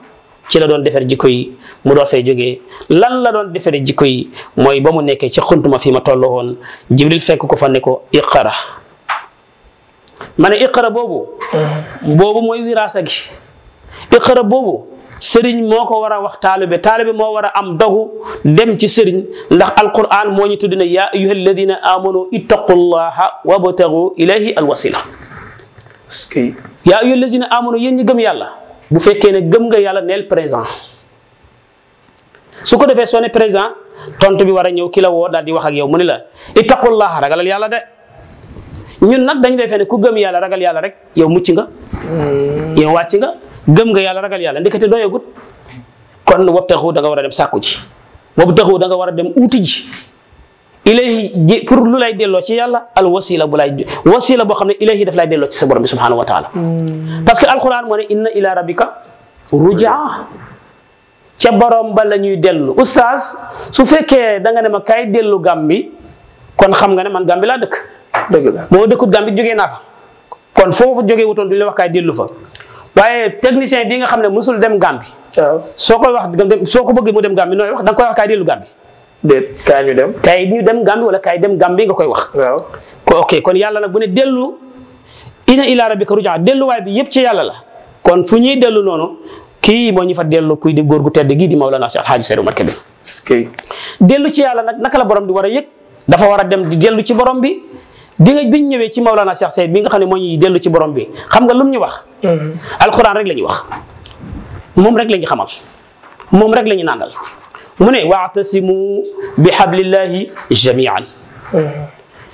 ci la doon defar jikko yi mu doo fee jógee lan la doon defare jikko yi mooy ba mu nekkee ci xuntuma fi ma toll woon jibril fekk ko fa ne ko iqara ma iqara boobu mm-hmm. boobu mooy wiraasa gi iqara boobu sëriñ moo ko war a wax taalibe taalibe moo war a am dogu dem ci sëriñ ndax alquran moo ñu tudd ne yaa ayuha alladina amanu ittaqullaha wabtagu ilayhi alwasila yaa ayuha gëm yàlla bu fekkee ne gëm nga yàlla neel présent su ko defee sone ne présent tontu bi war a ñëw kilo woo daal di wax ak yow mu ni la ittaqullaah ragalal yàlla de ñun nag dañu defee ne ku gëm yàlla ragal yàlla rek yow mucc nga hmm. yow wàcc nga gëm nga yàlla ragal yàlla ndekete doyagut kon wabtaxu da nga war a dem sàkku ji wabtaxu da nga war a dem uuti ji ilayhi pour lu lay delloo ci yàlla al wasila bu lay wasila boo xam ne ilayhi daf lay delloo ci sa bi subhanahu wa taala hmm. parce que alquran moo ne inna ila rabbika rujaa ca borom ba la ñuy dellu oustaz su fekkee danga nga ne ma kaay dellu Gàmbi kon xam nga ne man Gàmbi laa dëkk boo dëkkut Gàmbi jóge naa fa kon foofu jógee wutoon du la wax kaay dellu fa waaye technicien bi nga xam ne musul dem Gàmbi soo koy wax soo ko bëgg mu dem Gàmbi nooy wax da koy wax kaay déet kaay ñu dem. kaay ñu dem Gambie wala kaay dem Gambie nga koy wax. ko ok kon yàlla nag bu ne dellu ina ila rabbika rujaa delluwaay bi yëpp ci yàlla la kon fu ñuy dellu noonu kii moo ñu fa dellu kuy di góor gu tedd gii di Mawlana Cheikh Alhaji Seydi Oumar Kébé. dellu ci yàlla nag naka la borom di war a yëg dafa war a dem di dellu ci borom bi bi nga bi ñëwee ci Mawlana Cheikh Seydi bi nga xam ne moo ñuy dellu ci borom bi xam nga lum ñu wax. Mm-hmm. alxuraan rek la ñuy wax moom rek la ñu rek la ñu nàndal mu ne waatasimu bi xablillahi jamian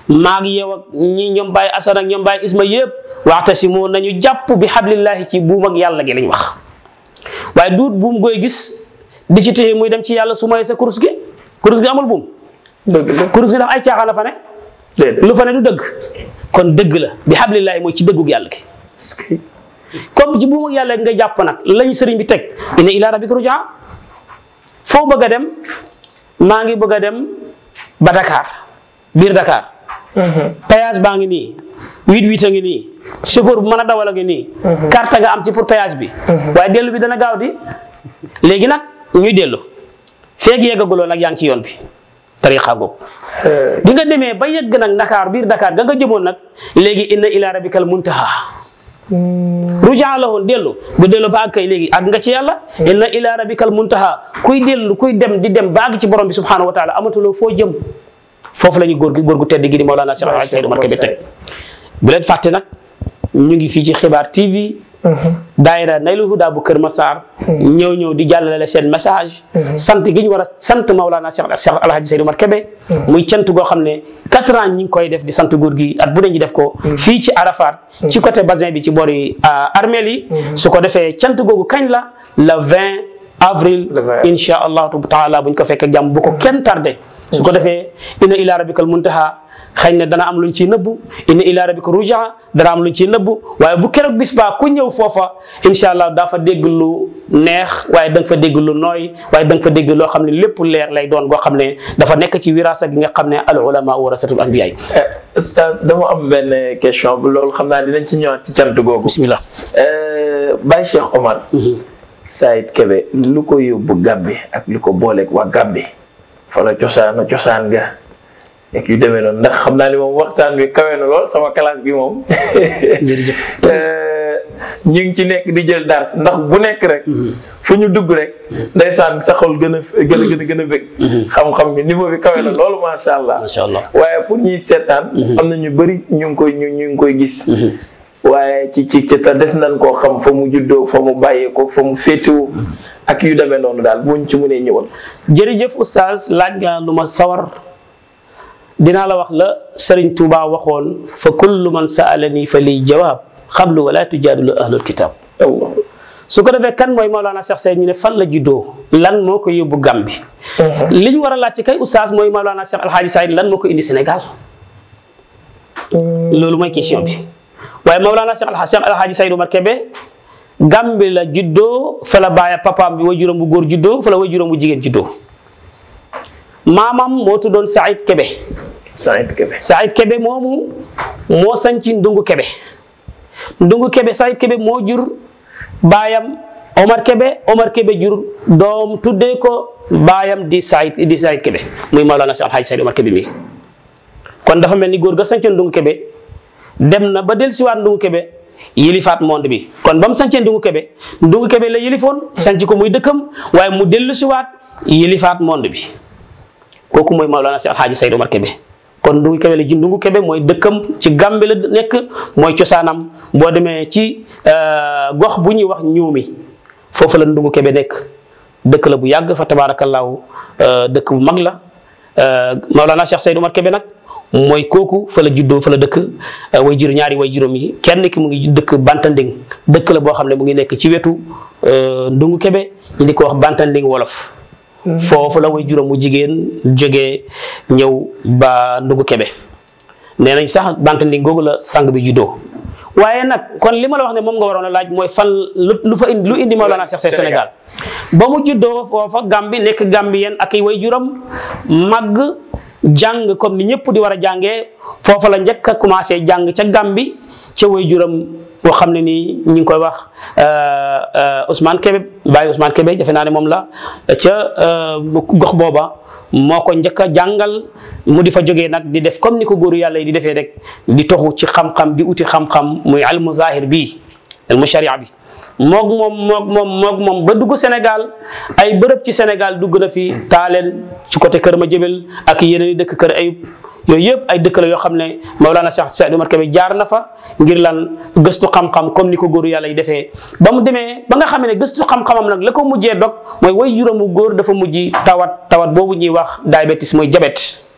maag yow ak ñi ñoom Baye Assane ak ñoom Baye Isma yëpp waxtasimu nañu jàpp bi xablillahi ci buum ak yàlla gi lañ wax waaye duut buum gooy gis di ci téye muy dem ci yàlla su may sa kurus gi kurus gi amul buum. dëgg la kurus gi daf ay caaxaan la fa ne. lu fa ne du dëgg. kon dëgg la bi xablillahi mooy ci dëggug yàlla gi. comme ci buum ak yàlla gi nga jàpp nag lañ sëriñ bi teg inna ilaa rabbika rujaa foo bëgg a dem maa ngi bëgg a dem ba Dakar biir dakaar mhm. péage baa ngi nii wit huit a ngi nii chauffeur bu mën a dawal a ngi nii. Mhm. carte nga am ci pour péage bi. Mhm. waaye dellu bi dana gaaw di léegi nag ñuy dellu feeg yeggaguloo nag yaa ngi ci yoon bi tariqa googu. Eh. bi nga demee ba yegg nag Dakar biir dakaar ga nga jëmoon nag léegi inna ila rabbikal muntaha Hmm. rujaa lahun dellu bu dellu ba ak kay léegi ak nga ci yàlla hmm. inna ila rabbikal muntaha kuy dellu kuy dem di dem ba àgg ci borom bi subhanahu wa taala amatuloo foo jëm foofu la ñu góor gi góor gu tedd gi di Mawlana Cheikh Alhaji Seydou Marke bi teg bu leen fàtte nag ñu ngi fii ci xibaar TV Mhm. daayira Naylul Huda bu Kër Massar. Mhm. ñëw ñëw di jàllale seen message. Mhm. sant gi ñu war a sant Maulana Cheikh Cheikh Al Hadj Seydou Omar Kébé. muy cant goo xam ne quatre ans ñi ngi koy def di sant góor gi at bu dee ñu def ko. fii ci Arafat. ci côté bassin bi ci boori euh, armeel yi. su ko defee cant googu kañ la le 20 avril. incha allahu taala bu ñu ko fekkee jàmm bu ko kenn tardé. su ko defee inna ila rabbikal muntaha xëy na dana am luñ ciy nëbbu inna ila rabbika rujaa dana am luñ ci nëbbu waaye bu keroog bis baa ku ñëw foofa incha allah daa dégg lu neex waaye da fa dégg lu nooy waaye da nga dégg loo xam ne lépp leer lay doon boo xam ne dafa nekk ci wirasa gi nga xam ne al ulama warasatul anbiyaay. Eh, oustaz dama am benn question bu loolu xam naa dinañ ci ñëwaat ci cant googu. bismillah eh, Baye Cheikh Omar. Mhm. Saïd Kébé lu ko yóbbu Gambie ak lu ko booleeg waa Gambie. fa la cosaanu cosaan ga ak yu demee noonu ndax xam naa ni moom waxtaan bi kawe na lool sama kalaas bi moom. <laughs> jërëjëf. <laughs> Eh, ñu ngi ci nekk di jël dars ndax bu nekk rek. Mhm. fu ñu dugg rek. Mhm. saan sa xol gën a gën a gën a gën a bëgg. Mhm. xam-xam bi niveau bi kawe na loolu macha allah. macha allah waaye pour ñuy seetaan. am na ñu bëri ñu ngi koy ñu ngi koy gis. waaye ci ci ci des nañ koo xam fa mu juddoo fa mu bàyyeekoo fa mu féetewoo ak yu demee noonu daal buñ ci mënee ñëwal. jërëjëf oustaz laaj nga lu ma sawar dinaa la wax la Serigne Touba waxoon fa kullu man saalani fa liy jawaab xablu wala tujaadilu ahlul kitaab. su ko defee kan mooy Maolana Cheikh Seye ñu ne fan la juddoo lan moo ko yóbbu Gàmbi. Mm-hmm. li ñu war a laaj ci mooy Maolana Cheikh Alhaji Saïd lan moo ko indi Sénégal. Mm-hmm. loolu mooy question bi. waaye Mawlana Cheikh Al Hadji Seydou Oumar Kébé Gàmbi la juddoo fa la baaya papaam way juróom bu góor juddoo fa la way juróom jigéen juddoo maamam moo tuddoon Saïd Kébé. Saïd Kébé moomu moo sanci Ndungu Kébé Ndungu Kébé Saïd Kébé moo jur baayam Omar Kébé Omar Kébé jur doom tuddee ko baayam di Saïd di Saïd Kébé muy Mawlana Cheikh Al Hadji Seydou Oumar Kébé mi kon dafa mel ni góor ga sanci dem na ba dellu dellusiwaat Ndungu Kebe yilifaat mond bi kon ba mu sancee Ndungu Kebe Ndungu Kebe la yilifoon sanc ko muy dëkkam waaye mu dellu dellusiwaat yilifaat mond bi kooku mooy Mawlana si Alxaaji Seydou Omar kon Ndungu Kebe la ji mooy dëkkam ci Gàmbi nekk mooy cosaanam boo demee ci euh, gox bu ñuy wax ñuumi foofu la Ndungu Kebe nekk dëkk la bu yàgg fa euh, dëkk bu mag la euh, Mawlana Cheikh Seydou Omar Kebe nag mooy kooku fa la juddoo fa la dëkk euh, way jur ñaari juróom yi kenn ki mu ngi dëkk Bantanding dëkk la boo xam ne mu ngi nekk ci wetu euh, Ndungu Kebe ñu di ko wax Bantanding wolof. Hmm. foofu la way juróom jigéen jógee ñëw ba Ndungu Kebe nee nañ sax Bantanding googu la sang bi juddoo. waaye nag kon li ma la wax ne moom nga waroon a laaj mooy fan lu fa indi lu indi Mawlana Cheikh Seye Sénégal ba mu juddoo foofa Gàmbi nekk Gàmbi ak i way juróom màgg. jàng comme ni ñëpp di war a jàngee foofa la njëkk a commencé jàng ca Gàmbi ca waajuram boo xam ne nii ñu ngi koy wax euh, euh, Ousmane Kébé Baye Ousmane kebe jafe naa ne moom la ca euh, gox booba moo ko njëkk a jàngal mu di fa jógee nag di def comme ni ko góor yàlla yi di defee rek di toxu ci xam-xam di uti xam-xam muy almu zahir bii almu sharia bi moog moom moog moom moog moom ba dugg Sénégal ay bërëb ci Sénégal dugg na fi taaleen ci côté Kër ma Madiabel ak yeneen i dëkk Kër Ayib yooyu yëpp ay dëkk la yoo xam ne Mawlana Cheikh Saïd Omar Kébé jaar na fa ngir lan gëstu xam-xam comme ni ko góor yàlla yi defee ba mu demee ba nga xam ne gëstu xam-xamam nag la ko mujjee dog mooy way juróomu góor dafa mujj tawat tawat boobu ñuy wax diabétis mooy jabet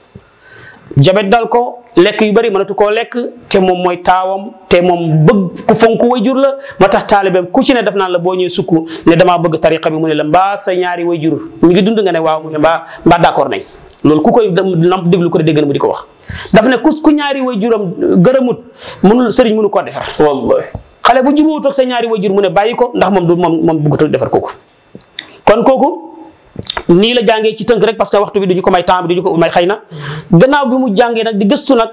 jabet dal ko lekk yu bëri mënatu koo lekk te moom mooy taawam te moom bëgg ku fonk jur la ma tax taalibeem ku ci ne def naan la boo ñëwee sukk ne damaa bëgg tariqa bi mu ne la mbaa sa ñaari wayjur dund nga ne waaw mu ne mbaa mbaa d'accord nañ loolu ku koy nam déglu ko dégg na mu di ko wax daf ne ku ku ñaari wayjuram gërëmut mënul sëriñ mënu koo defar wallahi xale bu jubóowut ak sa ñaari jur mu ne bàyyi ko ndax moom du moom moom bëggatul defar kooku kon kooku nii la jàngee ci tënk rek parce que waxtu bi duñu ko may temps bi duñu ko may xay na gannaaw bi mu jàngee nag di gëstu nag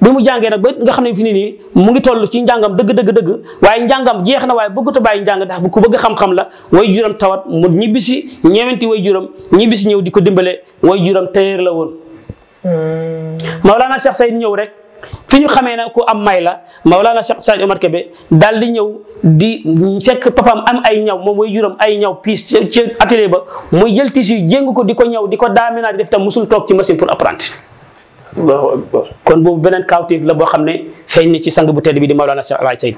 bi mu jàngee nag ba nga xam ne fi ni nii mu ngi toll ci njàngam dëgg dëgg dëgg waaye njàngam jeex na waaye bëggut a bàyyi njàng ndax bu ku bëgg xam-xam la way juram tawat mu ñibbisi ñeewenti way juram ñibbisi ñëw di ko dimbale way juram teer la woon hmm. Mawlaana Cheikh Seyd ñëw rek fi ñu xamee na ku am may la Mawlana Cheikh Saad Omar Kébé daal di ñëw di fekk papam am ay ñaw moom mooy juróom ay ñaw piis ci atelier ba muy jël tissu jéng ko di ko ñaw di ko daaminaa def tam musul toog ci machine pour apprenti kon boobu beneen kawtéef la boo xam ne feeñ ni ci sang bu tedd bi di Mawlana Cheikh Alhaji Sayd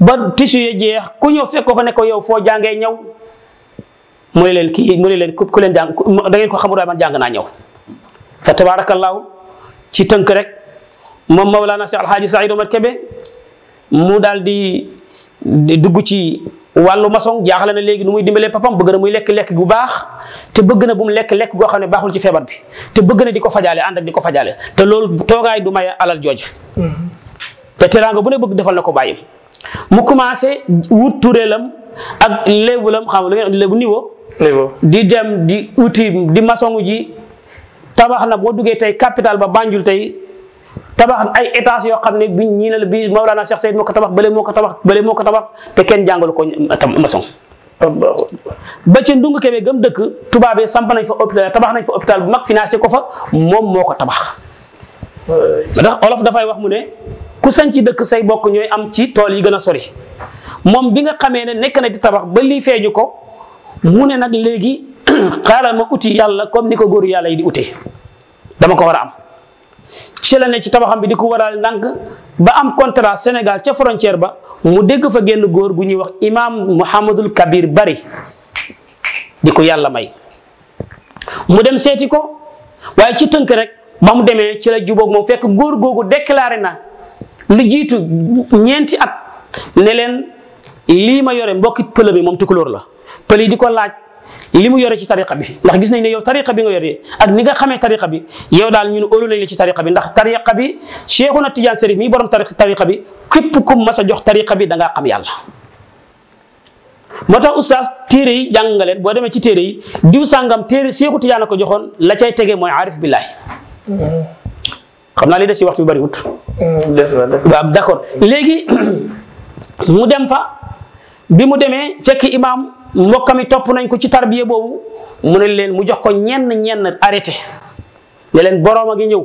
ba tissu ya jeex ku ñëw fekk ko fa ne yow foo jàngee ñaw mu leen kii mu ne leen ku leen jàng da ko xamul waaye man jàng naa ñaw fa tabaarakallaahu rek moom Mawlana Cheikh Alhaaji Saïd a Kébé mu daal di dugg ci wàllu maçon jaaxle na léegi nu muy dimbalee papam bëgg na muy lekk-lekk bu baax te bëgg na bu mu lekk-lekk goo xam ne baaxul ci feebar bi te bëgg na di ko fajaale ànd di ko fajaale te loolu toogaay du may alal jooj te te teraanga bu ne bëgg defal na ko bàyyim mu commencé wut tureelam ak léebulam xam lu ngeen léebu niveau di dem di uti di maçon ji tabax na boo duggee tey capital ba Banjul tey tabax ay étage yo xam bi ñi la bi mawlana cheikh seyd moko tabax bele moko tabax bele moko tabax te ken jàngalu ko maçon ba ci ndung kebe dekk tuba be samp nañ fa hôpital tabax nañ fa hôpital bu mak financer ko fa moom moko tabax da tax olof dafay wax mu ne ku sanc dekk say bok ñoy am ci tol yi gëna sori mom bi nga xamé ne nek na di tabax ba li feñu ko mu ne nak legi xala ma uti yalla comme niko yalla yi di dama ko wara am ci la ne ci tabaxam bi di ko waraale ndànk ba am contrat Sénégal ca frontière ba mu dégg fa génn góor gu ñuy wax imam Mouhamadul Kabir Bari di ko yàlla may mu dem seeti ko waaye ci tënk rek ba mu demee ci la jubóog moom fekk góor googu déclaré na lu jiitu ñeenti at ne leen lii ma yore mbokki pël bi moom tukulóor la pël yi di ko laaj li mu yore ci tariqa bi ndax gis nañ ne yow tariqa bi nga yore ak ni nga xamee tariqa bi yow daal ñun óolu nañ la ci tariqa bi ndax tariqa bi Cheikhuna Tidiane Serif mi borom tari tariqa bi képp ku mas a da ngaa xam yàlla. moo tax oustaz téere yi jàng nga leen boo demee ci téere yi diw sàngam téere Cheikhu Tidiane ko joxoon la cay tege mooy aarif billahi xam naa li des si waxtu bi bëriwut. Mm, des na waaw d' accord léegi <clears throat> mu dem fa bi mu demee fekk imaam. mbokkam yi topp nañ ko ci tarbiya boobu mu ne leen mu jox ko ñenn ñenn arrêté ne leen boroom a ngi ñëw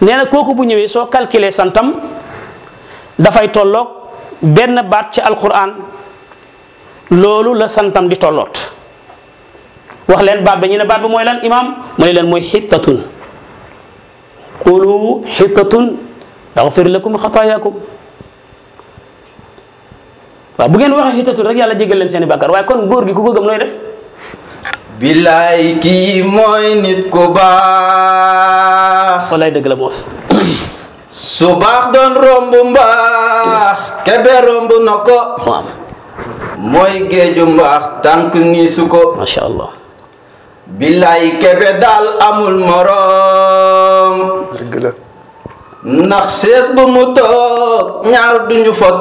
nee na kooku bu ñëwee soo calculer santam dafay tolloog benn baat ci alquran loolu la santam di tolloot wax leen baat ba ñu ne baat ba mooy lan imaam leen mooy xittatun qulu xittatun yaxfir lakum xataayakum waaw bu ngeen waxee xittatun rek yàlla jégal leen seen i bàkkaar waaye kon góor gi ku ko gëm nooy def kii mooy nit ku baax walaay dëgg la moos doon romb mbaax kebe romb na mooy géeju mbaax tànk nii su ko macha allah billaay kebe daal amul moroom ndax sees bu mu toog ñaar duñu fa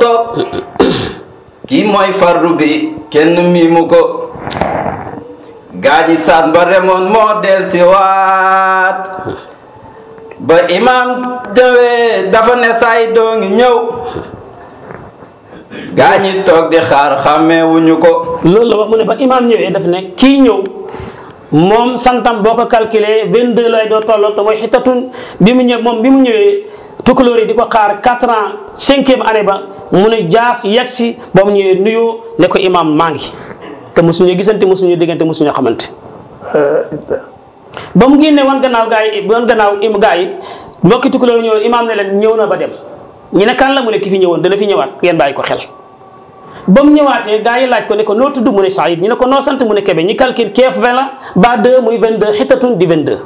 kii mooy fardu bi kenn miimu ko gaaji saat ba remoon moo del si waat ba imaam jawee dafa ne saay doo ngi ñëw gaañi toog di xaar xàmmee ko loolu la wax ne ba imaam ñëwee daf ne kii ñëw moom santam boo ko calculé 22 lay doo tolloo te mooy xitatun bi mu ñëw bi mu ñëwee tukulóor yi di ko xaar 4 ans cinquième année ba mu ne jaas yegg si ba mu ñëwee nuyoo ne ko imaam maangi ngi te mosuñu gisante mosuñu diggante mosuñu xamante. ba mu génne wan gannaaw gaa yi wan gannaaw im gaa yi mbokki tukulóor ñëw imaam ne leen ñëw na ba dem ñu ne la mu ne ki fi ñëwoon dana fi ñëwaat ngeen bàyyi ko xel. ba mu ñëwaatee gars yi laaj ko ne ko noo tudd mu ne Saïd ñu ne ko noo sant mu ne Kébé ñu calcule keef 20 la ba 2 muy 22 xitatun di 22.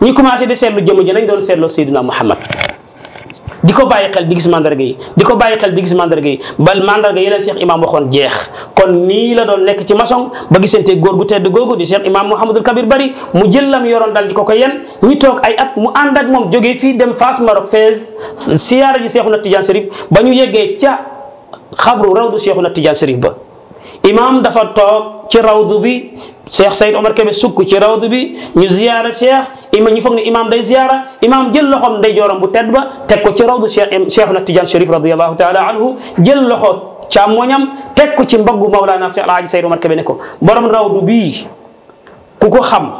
ñi commencé di seetlu jëmm ji dañ doon seetloo Seydina Muhammad di ko bàyyi xel di gis mandarga yi di ko bàyyi xel di gis mandarga yi ba mandarga yeneen Cheikh Imam waxoon jeex kon nii la doon nekk ci maçon ba gisante góor gu tedd googu di Cheikh Imam Mouhamadul Kabir Bari mu jël lam yoroon dal di ko ko yen ñu toog ay at mu ànd ak moom jógee fii dem Fass Maroc Fès siyaara ji Seexuna Tijaan Sërif ba ñu yeggee ca xabru rawdu Cheikhuna Tidiane Serif ba imam dafa toog ci rawdu bi Cheikh Sayd Omar Kébé sukk ci rawdu bi ñu ziyaara Cheikh ima ñu foog ne imam day ziyaara imam jël loxoom day jooram bu tedd ba teg ko ci rawdu Cheikh Cheikhuna Tidiane Serif radiyallahu taala anhu jël loxo càmmoñam teg ko ci mbaggu Mawlana Cheikh Alhaji Sayd Omar Kébé ne ko borom rawdu bii ku ko xam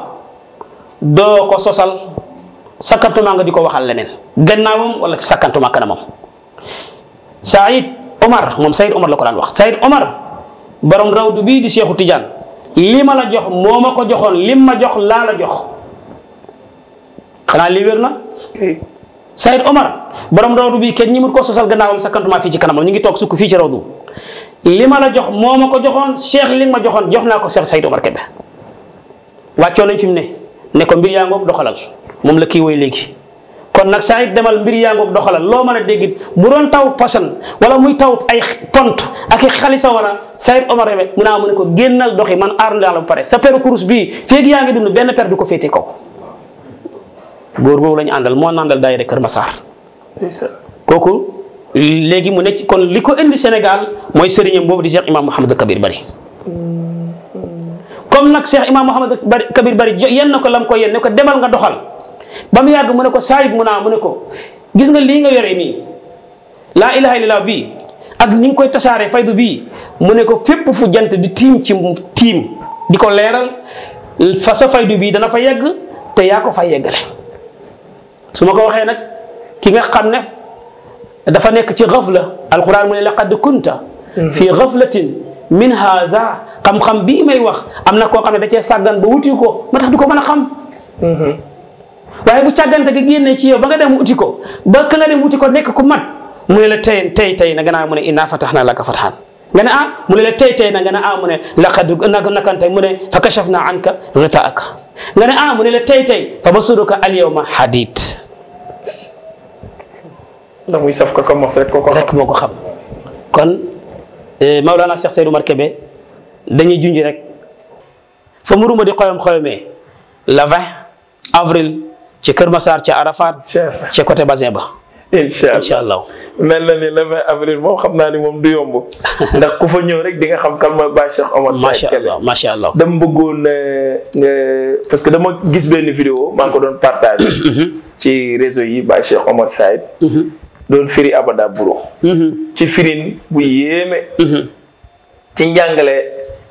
doo ko sosal sakkantuma nga di ko waxal leneen gannaawam wala sakkantuma kanamam Saïd Omar mom Omar lako dan wax Sayid Omar borom rawdu bi di Cheikhou Tidiane Lima la jox momako joxone ko lima jox la la jox xana li werna Omar borom rawdu bi ken ñi mut sosal gannaawam sakkantuma fi ci kanam ñi ngi tok suku fi ci rawdu lima la jox momako joxone ko Cheikh lima joxone joxoon jox ko Cheikh Said Omar Kébé waccio nañ fi ne ne ko mbir ya ngom doxalal mom la ki woy legi kon nak saa demal mbir yaa ngoog doxalal lo mën degit déggit bu doon taw posan wala muy taw ay pont ak khalisa xalisa war omar rewe mu naa mu ne ko gennal doxi man aar ba pare sa peru kurus bi fek yaa ngi dund ben per du ko fete ko gor boobu lañ andal mo nandal daire keur Massar koku legi mu ne ci kon liko indi senegal moy sëriñam boobu di Cheikh Imam mohammed Kabir Bari mm-hmm. comme nak Cheikh Imam mohammed Kabir Bari yenn ko lam ko yenn ko demal nga doxal ba mu yàgg mu ne ko saayid mu naa mu ne ko gis nga lii nga yore nii laa ilaha illallah bii ak ni nga koy tasaaree faydu bii mu ne ko fépp fu jant di tiim ci tiim di ko leeral fa sa faydu bii dana fa yegg te yaa ko fa yeggale su ma ko waxee nag ki nga xam ne dafa nekk ci xafla alquran mu ne laqad kunta mhm. fi xaflatin min haza xam-xam bii may wax am na koo xam ne da cee sàggan ba wuti ko ma tax du ko mën a xam mhm. waaye bu càggante gi génnee ci yow ba nga dem uti ko ba ka nga dem ko nekk ku mat mu ne la tey tey na nga naa ah, mu ne innaa fatahnaa laka fathan nga ah, mu ne la tey tey na nga ne ah mu ne laqad nag nakante mu ne fa kashafnaa anka ghitaaka nga ne ah mu ne la tey tey fa basuruka al yawma hadid ndax muy saf ko mos rek ko rek moo ko xam kon eh, Maulana Cheikh Seydou Oumar Kébé dañuy rek fa muruma di xoyom xoyomee le avril ci Kër Massar ca Arafat. ca côté Bazin ba. incha allah mel na ni le 20 avril moom xam naa ni moom du yomb <laughs> ndax ku fa ñëw rek di nga xam kan mooy Baye Cheikh Omar Sy Kébé macha allah dama bëggoon euh, parce que dama gis benn vidéo maa ngi ko doon partage <coughs> mhm. ci réseau yi Baye Cheikh Omar Sy mhm. doon firi abada buro mhm. ci firin bu yéeme ci njàngale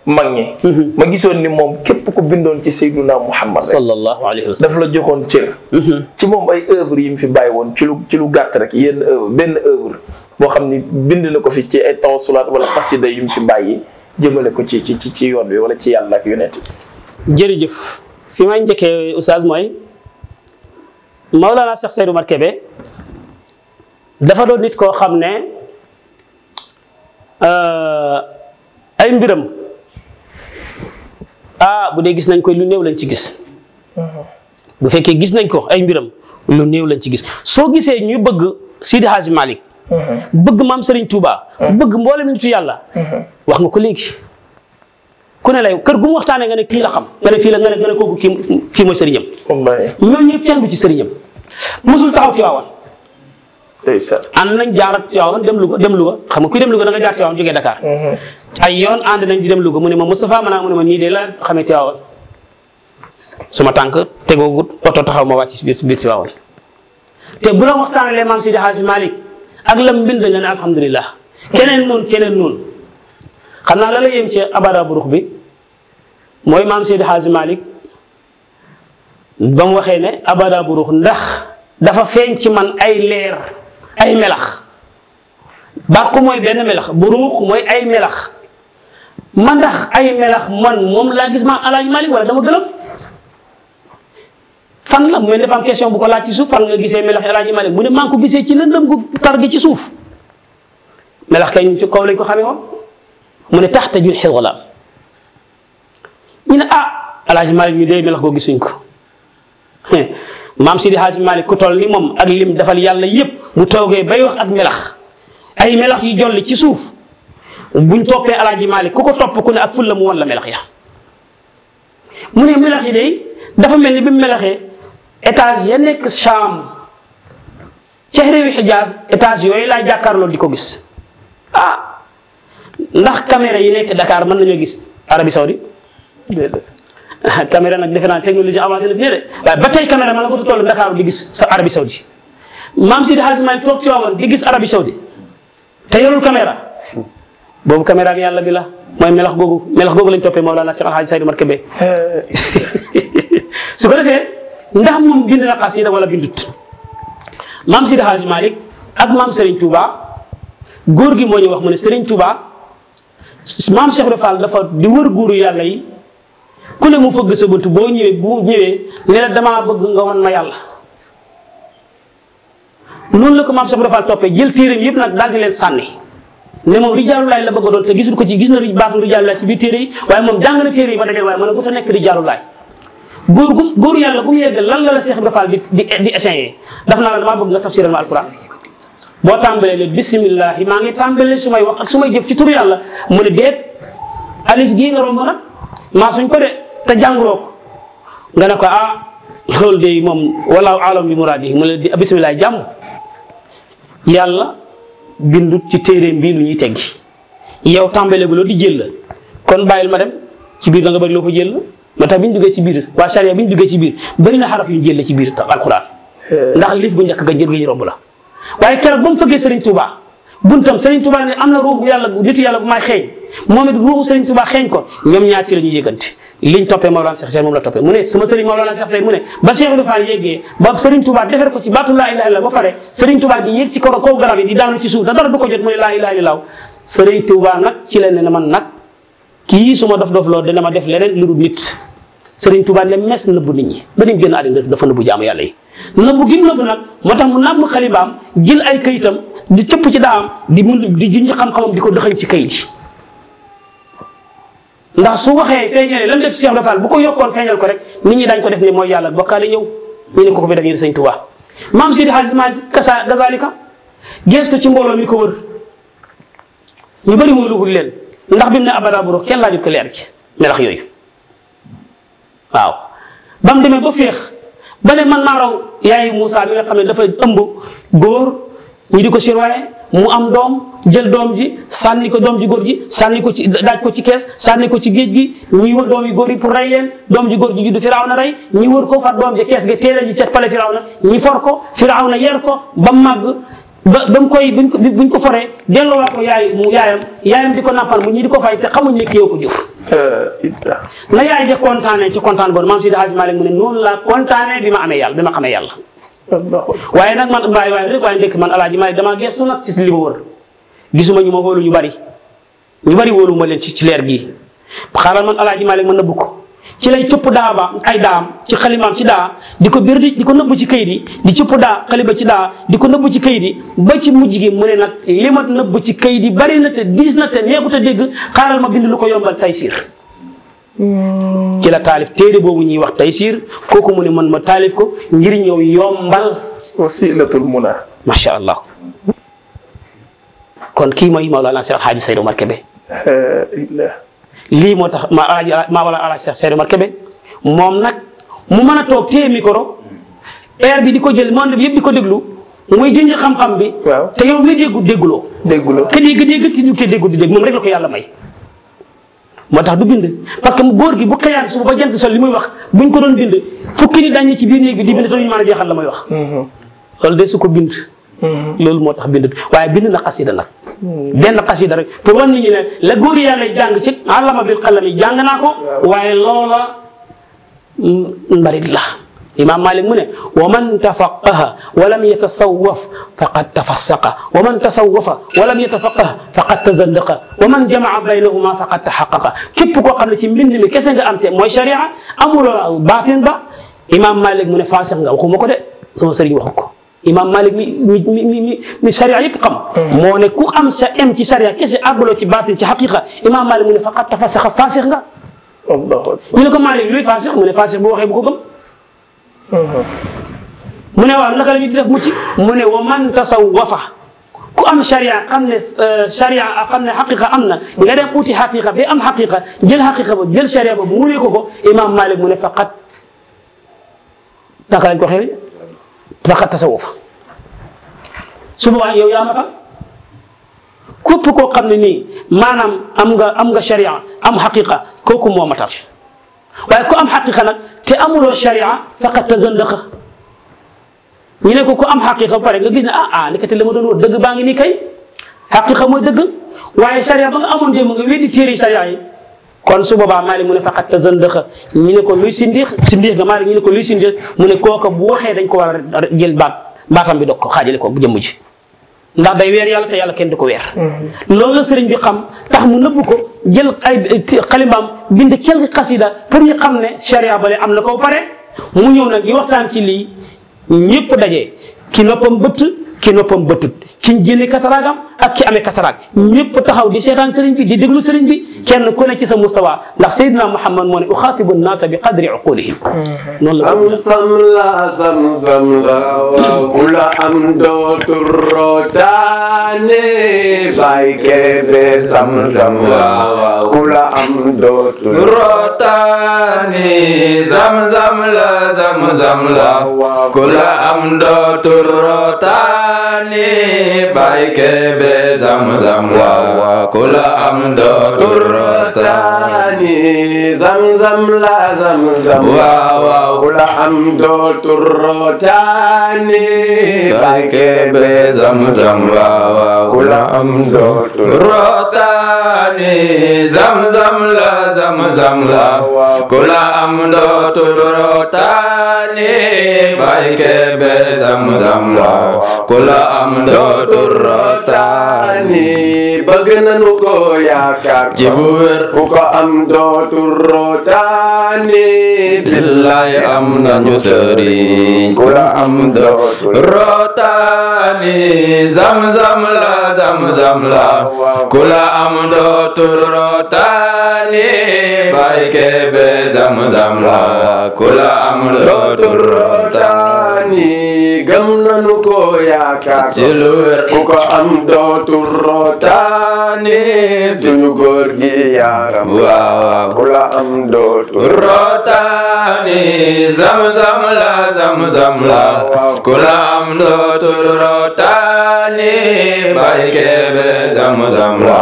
mag ñi mhm. ma gisoon ni moom képp ku bindoon ci Seydina Muhammad sallallahu alayhi wa sallam daf la joxoon cër mhm. ci moom ay œuvre yi mu fi bàyyi woon ci lu ci gàtt rek yenn œuvre benn œuvre boo xam ni bind na ko fi ci ay tawasulaat wala xasida yu mu fi bàyyi jëmale ko ci ci ci yoon bi wala ci yàlla ak yonent jërëjëf fi may njëkkee oustaz mooy Maolana Cheikh Seydou Mar dafa doon nit koo xam ne euh, ay mbiram ah bu dee gis nañ ko lu néew lañ ci gis. Mm-hmm. bu fekkee gis nañ ko ay mbiram lu néew lañ ci gis soo gisee ñu bëgg Sidi Hadji Malick. Mm-hmm. bëgg maam Serigne Touba. Mm-hmm. bëgg mboolem nitu yàlla. wax nga ko léegi. lay kër gu mu waxtaanee nga ne kii la xam nga ne fii la nga ne nga ne kooku kii kii mooy sëriñam. ñooñu ñëpp kenn du ci sëriñam. mosul taxaw Tiwaawan. ndeysaan ànd nañ jaarat Tiwaawan dem Louga dem xam nga kuy dem Louga da nga jaar Tiwaawan jógee Dakar. ay yoon ànd nañ di dem Louga mu ni ma Moustapha maanaam mu ne ma nii de la xamee Tiwaawan suma tànk tegoogut oto taxaw ma wàcc si biir si biir si waawoon te bu la waxtaanalee maam Sidi Hadj Malick ak lam mbind nga ne alhamdulilah keneen noonu keneen noonu xam naa la la yem ci abada burux bi mooy maam Sidi Hadj Malick ba mu waxee ne abada burux ndax dafa feeñ ci man ay leer ay melax bàqu mooy benn melax buruux mooy ay melax ma ndax ay melax man moom laa gis maam alaaji Malick wala dama gëlëm fan la mu mel dafa question bu ko laaj ci suuf fan nga gisee melax alaaji Malick mu ne maa ngi ko gisee ci lëndëm gu tar gi ci suuf melax kay ci lañ ko xamee woon mu ne tax tajul xewalaam ñu ne ah alaaji Malick ñu dee melax koo gisuñ ko <laughs> maam Sidi Hadj ku toll ni moom ak lim defal yàlla yépp bu toogee bay wax ak melax ay melax yu jolli ci suuf buñ topé alaaji malik kuko top ku ne ak fulla mu wan la melax ya mu ne melax yi day dafa melni ni bi melaxee étage ya nek Shaam ca réewi hijaz étage yoy la jakarlo diko gis ah ndax caméra yi nek Dakar man nañoo gis Arabie Saoudi caméra nak defena technologie avancé na fi ne de ba tay caméra man na ko tu toll Dakar di gis sa Arabie Saoudi mam sidi di xaalis tok ci waawoon di gis Arabie Saoudi te yorul caméra boobu caméra bi yàlla bi la mooy melax googu melax googu lañ toppee Mawlana Cheikh Alhaji Seydou Mar Kébé eh. <laughs> su ndax moom bind wala bindut maam Sidi Hadji Malick ak maam Serigne Touba góor gi moo ñu wax mu ne Serigne Touba maam Cheikh dafa di wër guuru yàlla yi ku ne mu fëgg sa bëtt boo ñëwee bu damaa bëgg nga wan ma yàlla. noonu la ko maam Cheikh Ibra Fall toppee jël téeram yëpp nag daal di leen sànni. ne moom rijaalulaay la bëgg a doon te gisul ko ci gis na baatu rijaalulaay ci biir téere yi waaye moom jàng na téere yi ba dajal waaye mën na ko ta nekk rijaalulaay góor gu góoru yàlla bu lan la la Seex Ibra Faal di di di essayer daf naa la damaa bëgg nga tafsiral ma alquran boo tàmbalee ne bisimillahi maa ngi tàmbalee su may wax may jëf ci tur yàlla mu ne déet alif gii nga romb nag maa suñ ko de te jànguloo ko nga ne ko ah loolu de moom walaahu alam bi muraadihi mu ne bisimillahi jàmm yàlla bindut ci téeréem bii lu ñuy teggi yow tàmbale gu loolu di jël la kon bàyyil ma dem ci biir da nga bëri loo ko jël moo tax bi ñu duggee ci biir waa charia bi ñu duggee ci biir bëri na xaraf yu ñu jël ci biir alquran eh. ndax liif gu njëkk ga jël ga ñu romb la waaye keroog ba mu fëggee Serigne Touba buntam Serigne Touba ne am na ruuxu yàlla nitu yàlla bu may xeeñ moom it ruuxu Serigne Touba xeeñ ko ñoom ñaar ci la ñuy yëgante liñ toppee Maolana Cheikh Seyd moom la toppee mu ne sama sëriñ Maolana Cheikh Seyd mu ne ba Cheikh Ibra Fall yéggee ba sëriñ Touba defar ko ci baatu laa ilaha illa ba pare sëriñ Touba di yéeg ci kaw garab yi di daanu ci suuf da dara du ko jot mu ne laa ilaha illa sëriñ Touba nag ci la ne man nag kii su ma dof dof loo dina ma def leneen lu dul nit sëriñ Touba ne mes nëbbu nit ñi ba ni mu génn àddina dafa nëbbu jaamu yàlla yi nëbbu gi mu nag moo tax mu nàmm xalibaam jël ay kayitam di cëpp ci daam di di junj xam di ko dëxañ ci kayit yi ndax su waxee feeñalee lan def Cheikh Ibra Fall bu ko yokkoon feeñal ko rek nit ñi dañ ko def ne mooy yàlla bokkaale ñëw ñu ne ko ko fi def ñu ne sëñ Tuubaa maam Sidi Hadj Malick kasa gazalika ci mbooloo mi ko wër ñu bëri leen ndax bi mu ne abada bu ko leer ci melax yooyu waaw ba mu demee ba ba ne man maa raw yaayu Moussa mi ne dafa ëmb góor ñi di ko surwaale mu am doom jël doom ji sanni ko doom ji góor ji sànni ko ci daaj ko ci kees sànni ko ci géej gi ñi wër doom yi góor yi pour rey leen doom ji góor ji juddu firawna rey ñi wër ko far doom ji kees gi teere ji ca pale firawna ñi for ko firawna yer ko ba màgg ba ba mu koy buñ ko buñ ko foree delloowaat ko yaay mu yaayam yaayam di ko nampal mu ñi di ko fay te xamuñ ne kii yow ko jur. na yaay de kontaanee ci kontaan boobu maam Sidi Hadj Malick mu ne noonu laa kontaanee bi ma amee yàlla bi ma xamee yàlla. waaye nag man mbaay waaye rek waaye ndekk man alaaji maa damaa gestu nag ci li ma wër gisuma ñu ma wóolu ñu bari ñu bari wóolu ma leen ci leer gi xaaral man alaaji maa mën na bukk ci lay cëpp daa ay daam ci xalimaam ci daa di ko bir di ko nëbb ci kayit yi di cëpp daa xaliba ci daa di ko nëbb ci kayit yi ba ci mu gi mu ne nag li ma ci kayit yi bari na te diis na te neexut a dégg xaaral ma bind lu ko yombal taysiir hmm. ci la taalif téere boobu ñuy wax Taysiir kooku mu ne man ma taalif ko ngir ñëw yombal. wasilatul muna. macha allah kon kii mooy Mawlana Cheikh Alhaji Seydou Omar Kébé. lii moo tax ma Mawlana Alhaji Cheikh Seydou Omar Kébé moom nag mu mën a toog téye micro. air bi di ko jël monde bi yëpp di ko déglu. muy junj xam-xam bi. waaw te yow mi déggu dégguloo. dégguloo ka dégg dégg ki dugg te di dégg moom la yàlla may. moo tax du bind parce que góor gi bu xëyaan suba ba jant sol li muy wax buñ ko doon bind fukki ni dañ ci biir néeg bi di bind te duñu mën a jeexal la may wax. Mm-hmm. loolu de su ko bind. Mm-hmm. loolu moo tax bind waaye bind na xasida nag. Mm-hmm. benn xasida rek pour wan nit ñi ne la góor yàlla jàng ci àllama bil xalami jàng naa ko. waaye loola mbarit la. imaam Malik mu ne wa man tafaqaha wa lam yatasawwaf faqad tafassaqa wa man tasawwafa wa lam yatafaqaha faqad tazandaqa wa man jamaa baynahuma faqad taxaqaqa képp koo xam ne ci mbind mi kese nga am te mooy sharia amuloo baatin ba imaam Malik mu ne faasiq nga waxuma ko de sama sëriñ waxu ko imaam Malik mi mi mi mi sharia yëpp xam. Hmm. moo ne ku am sa em ci sharia kese àgguloo ci baatin ci xaqiqa imaam Malik mu ne faqad tafassaqa faasiq nga. ñu ne ko Malik luy faasiq mu ne faasiq bu waxee bu ko gëm. mu ne waaw naka la ñu di ci mucc mu ne wa man ku am charia xam ne charia euh, xam ne xaqiqa am na nga am xaqiqa jël jël charia ba mu ne ko ko imam malik mu ne faqat naka lañ ko yaa ma xam képp koo xam ne nii maanaam am nga am nga charia am xaqiqa kooku moo matal waaye ko am xaqiqa nag te amuloo sharia faqat tazandaqa ñu ne ko ko am xaqiqa ba pare nga gis ne ah ah nekkati la ma doon wax dëgg baa ngi nii kay xaqiqa mooy dëgg waaye sharia ba nga amoon démb nga weddi téere sharia yi kon su boobaa Maalik mu ne faqat tazandaqa ñu ne ko luy sindiix sindiix nga Maalik ñu ne ko luy sindiix mu ne kooka bu waxee dañ ko war a jël baat baatam bi dog ko xaajale ko bu jëmm ji ndax day weer yàlla te yàlla kenn di ko weer. Mm-hmm. loolu la sëriñ bi xam tax mu na nëbb ko jël ay xalimbaam bind quelque xasida pour ñu xam ne charia am na ko pare mu ñëw nag ñu waxtaan ci lii ñëpp daje ki noppam bëtt. ki noppam bëtut ki jëlee kataraagam ak ki amee kataraag ñëpp taxaw di seetaan sëriñ bi di déglu sëriñ bi kenn ku ne ci sa mustawa ndax Seydina Muhammad moo ne uxaatibu naasa bi qadri uqulihim noonu la sam sam la sam sam la wa kula am dootu rootaane bay kebe sam sam la wa kula am dootu rootaane sam sam la sam sam la wa kula am dootu rootaane بايك بزمزم وكل أمد ترتاني زمزم لا زمزم وكل أمد ترتاني بايك بزمزم وكل أمد ترتاني زمزم la zamzam la kula amdo tururo tani bay kebe zamzam la kula amdo tururo tani bëgg nañu ko yaakaar ci bu wér ku ko am dootul rootaani billaay am nañu sëriñ ku la am dootul rootaani zamzam la zamzam la ku la am dootul rootaani baike be zam zam la kula amro turotani gam yaakaar ci lu wér ku ko am dootul rootaani suñu gi yaaram waaw ku la am dootul rootaani zam-zam la zam-zam la ku la am dootul rootaani bay kebe zam-zam la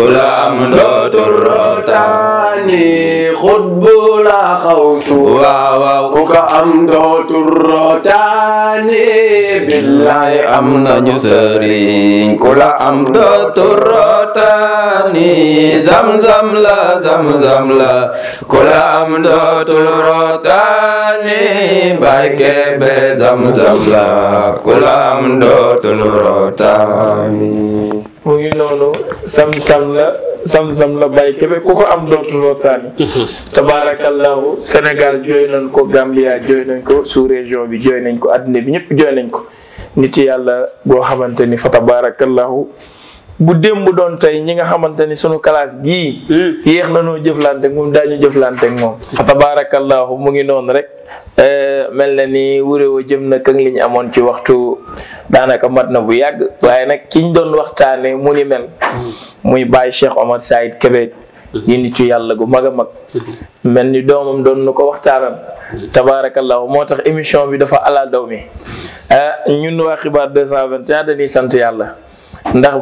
ku la am dootul rootaani ni la xawsu ku ko am dootul rootaani billaay am nañu sëriñ ku la am dootul rootaani zamzam la zamzam la ku la am dootul rootaani barke be zamzam la ku la am dootul rootaani mu ngi noonu sam-sam la sam-sam la bàyyi kebe ku ko am dootuloo taani <laughs> tabaarakallahu Sénégal jooy nañ ko Gambia jooy nañ ko sous région bi jooy nañ ko addina bi ñëpp jooy nañ ko nit yàlla boo xamante ni fa tabaarakallahu bu démb doon tey ñi nga xamante ni sunu classe gii. yéex na noo jëflante moom daañu jëflante ak moom. fa mm. tabaarakallaahu mu ngi noonu rek eh, mel na ni wuréew a jëm na kën liñ amoon ci waxtu daanaka mat na bu yàgg waaye nag ki ñu doon waxtaanee mu ni mel. Mm. muy Baye Cheikh Omar Saïd Kébé. Mm. di nitu yàlla gu mag a mag. mel ni doomam doon nu ko waxtaanal. tabaarakallaahu moo tax émission bi dafa ala daw mi eh, ñun waa xibaar 221 dañuy sant yàlla ndax.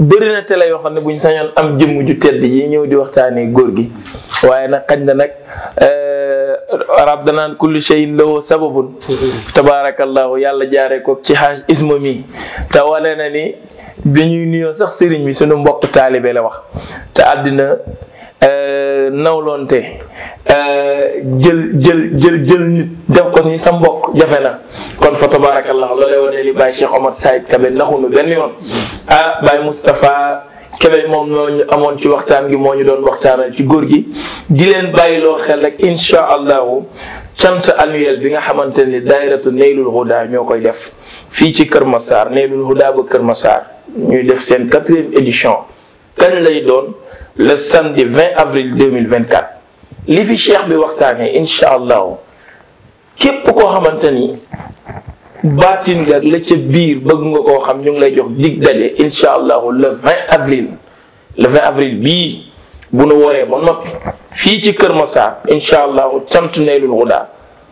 bëri na télé yoo xam ne bu ñu sañoon am jëmm ju tedd yi ñëw di waxtaanee góor gi waaye nag xañ na nag eh, arab danaan kullu shay'in lahu sababun tabaarakallahu yàlla jaare ko ci xaaj isma mi te wane na ni bi ñuy nuyoo sax sëriñ bi suñu mbokk taalibe la wax te àddina nawlonte euh jël jël jël jël nit def ko ni sa mbokk jafe kon fa tabarakallah loolay wane li Baye Cheikh Omar Saïd Kébé naxunu benn yoon ah Baye Moustapha Kébé moom moo ñu amoon ci waxtaan gi moo ñu doon waxtaanal ci góor gi di leen bàyyiloo xel rek incha allahu annuel bi nga xamante ni daayiratu Huda ñoo def fii ci Kër Massar Neylul Huda ba Kër Massar ñuy def seen quatrième édition kañ lay doon le samedi 20 avril 2024 li fi cheikh bi waxtaanee incha allahu képp koo xamante ni baatin nga la ca biir bëgg nga koo xam ñu ngi lay jox dig daje incha allahu le 20 avril le 20 avril bii bu nu wooree ba noppi fii ci Kër Massar incha allahu cant neelul xudaa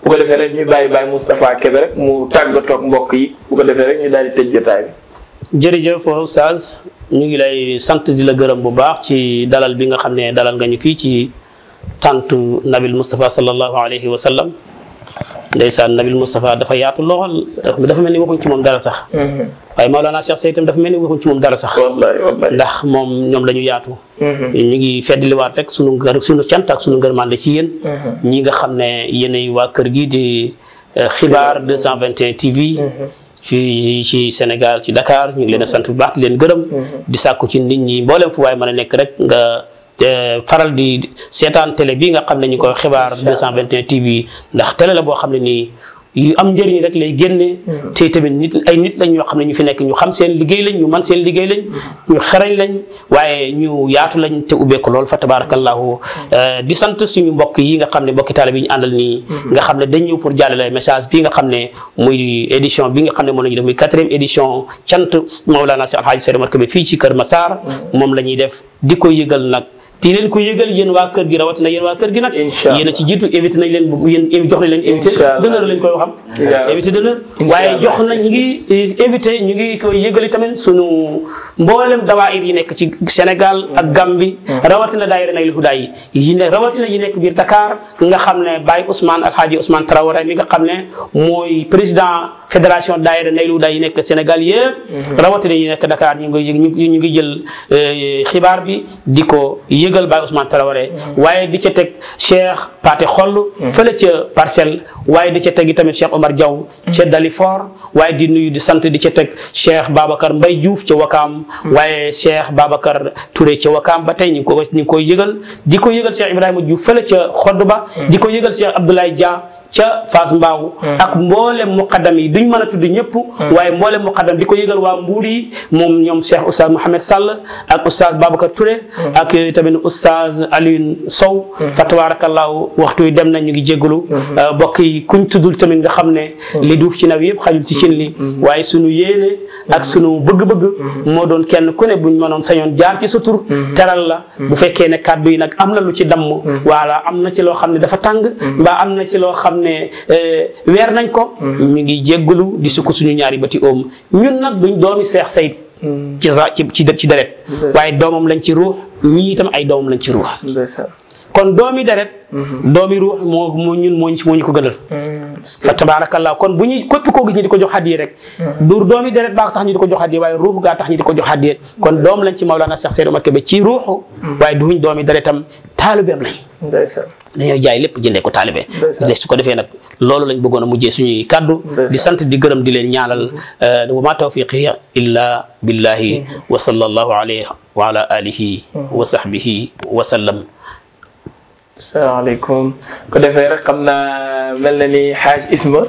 bu ko defee rek ñu bàyyi bàyyi Moustapha mu tàggatoo ak mbokk yi bu ko defee rek ñu daal di tëj jotaay bi. jërëjëf Oustaz ñu ngi lay sant di la gërëm bu baax ci dalal bi nga xam ne dalal nga ñu fii ci tàntu Nabil Moustapha sallallahu alayhi wa sallam ndeysaan Nabil Moustapha dafa yaatu lool dafa mel ni waxuñ ci moom dara sax. Mm-hmm. waaye Maolana Cheikh Sey itam dafa mel ni waxuñ ci moom dara sax. ndax moom ñoom dañu yaatu. Mm-hmm. ñu ngi feddliwaat rek sunu su sunu cant ak sunu ngërmande ci yéen. Mm-hmm. ñi nga xam ne yéenay waa kër gi di eh, xibaar 221 TV. ci ci Sénégal ci Dakar ñu leen a sant bu baax di leen gërëm. Mhm. di sàkku ci nit ñi mboolem fu waay mën a nekk rek nga. faral di seetaan télé bii nga xam ne ñu koy xibaar 221 TV ndax télé la boo xam ne nii yu am njëriñ rek lay génne. Hmm. te tamit nit ay nit lañ yoo xam ne ñu fi nekk ñu xam seen liggéey lañ ñu man seen liggéey lañ. Hmm. ñu xarañ lañ waaye ñu yaatu lañ te ubbeeku lool fa tabarakallahu hmm. eh, di sant suñu mbokk yi nga xam ne mbokki taalibe yi ñu àndal nii. nga xam ne dañ ñëw pour jàllale message bi nga xam ne muy édition bi nga xam ne moom la ñuy def muy quatrième édition cant Maulana si Alhaji Seydi Omar Kébé fii ci Kër ma Massar. moom la ñuy def di ko yëgal nag. di leen ko yëgal yéen waa kër gi rawatina yéen waa kër gi nag yéen a ci jiitu invité nañ leen yéen jox nañ leen invité d'honneur lañ koy waxam invité d'honneur nañ ñu ngi eh, invité ñu ngi koy yëgali tamit suñu mboolem dawaayir yi nekk ci Sénégal ak Gambie hmm. rawatina daayira Naylul Huda yi yi ne rawatina yi nekk biir Dakar nga xam ne Baye Ousmane Alhaji Ousmane Traoré mi nga xam ne mooy président fédération daayira Naylul Huda yi nekk Sénégal yëpp mhm. rawatina yi nekk Dakar ñu ngi ñu ngi jël euh, xibaar bi di ko yëgal Baye Ousmane Traoré mhm. waaye di ca teg Cheikh Paté xol mhm. fële ca parcelle waaye di ca teg tamit Cheikh Omar Diaw ca Dalifort waaye di nuyu di sant di ca teg Cheikh Babacar Mbaye Diouf ca Wakaam waaye Cheikh babakar Touré ca Wakaam ba tey ñu ngi ko koy yëgal di ko yëgal Cheikh Ibrahima Diouf fële ca Xodd ba di ko yëgal Cheikh Abdoulaye Dia ca Fass Mbaaw mm. ak mboolem muqaddam yi duñ mën a tudd ñëpp mm. waaye mboolem muqaddam di ko yëgal waa Mbuur yi moom ñoom Cheikh Oustaz Mouhamed Sall ak Oustaz Babacar Touré mm. ak eh, tamit Oustaz Alioune Sow fa tabaarakallaahu waxtu yi dem nañ ñu ngi jégalu mm-hmm. euh, bokk yi kuñ tuddul tamit nga xam ne mm-hmm. li duuf ci naw yëpp xajul ci cin li mm-hmm. waaye sunu yéene ak sunu bëgg-bëgg moo doon kenn ku ne buñ mënoon sañoon jaar ci sa tur teral la bu fekkee ne kàddu yi nag am na lu ci damm wala am na ci loo xam ne dafa xam ne euh, weer nañ ko. ñu mm. ngi jéggalu di sukk suñu ñaari bati oom ñun nag duñ doomi Seex Sayid. Mm. ci sa ci ci ci deret. waaye doomam lañ ci ruux ñii itam ay doomam lañ ci ruux. kon doomi deret mm-hmm. doomi ruux moo moo ñun moo moo ñu ko gënal mm, fa tabarakallah kon bu ñuy képp koo gis ñu di jox hadiye rek duur doomi deret baa tax ñu ko jox hadiye waaye ruux gaa tax ñu di ko jox hadiye kon doom lañ ci Mawlana Cheikh Seydou Makka ba ci ruuxu waaye duñ doomi deretam taalibeem lañ dañoo jaay lépp jëndee ko taalibe su ko defee nag loolu lañ bëggoon a mujjee suñuy kàddu di sant di gërëm di leen ñaanal mm-hmm. uh, wa ma tawfiqi illa billahi mm-hmm. wa sallallahu alayhi wa ala alihi mm-hmm. wa sahbihi wa sallam salaamaaleykum ko defee rek xam naa mel na ni xaaj isma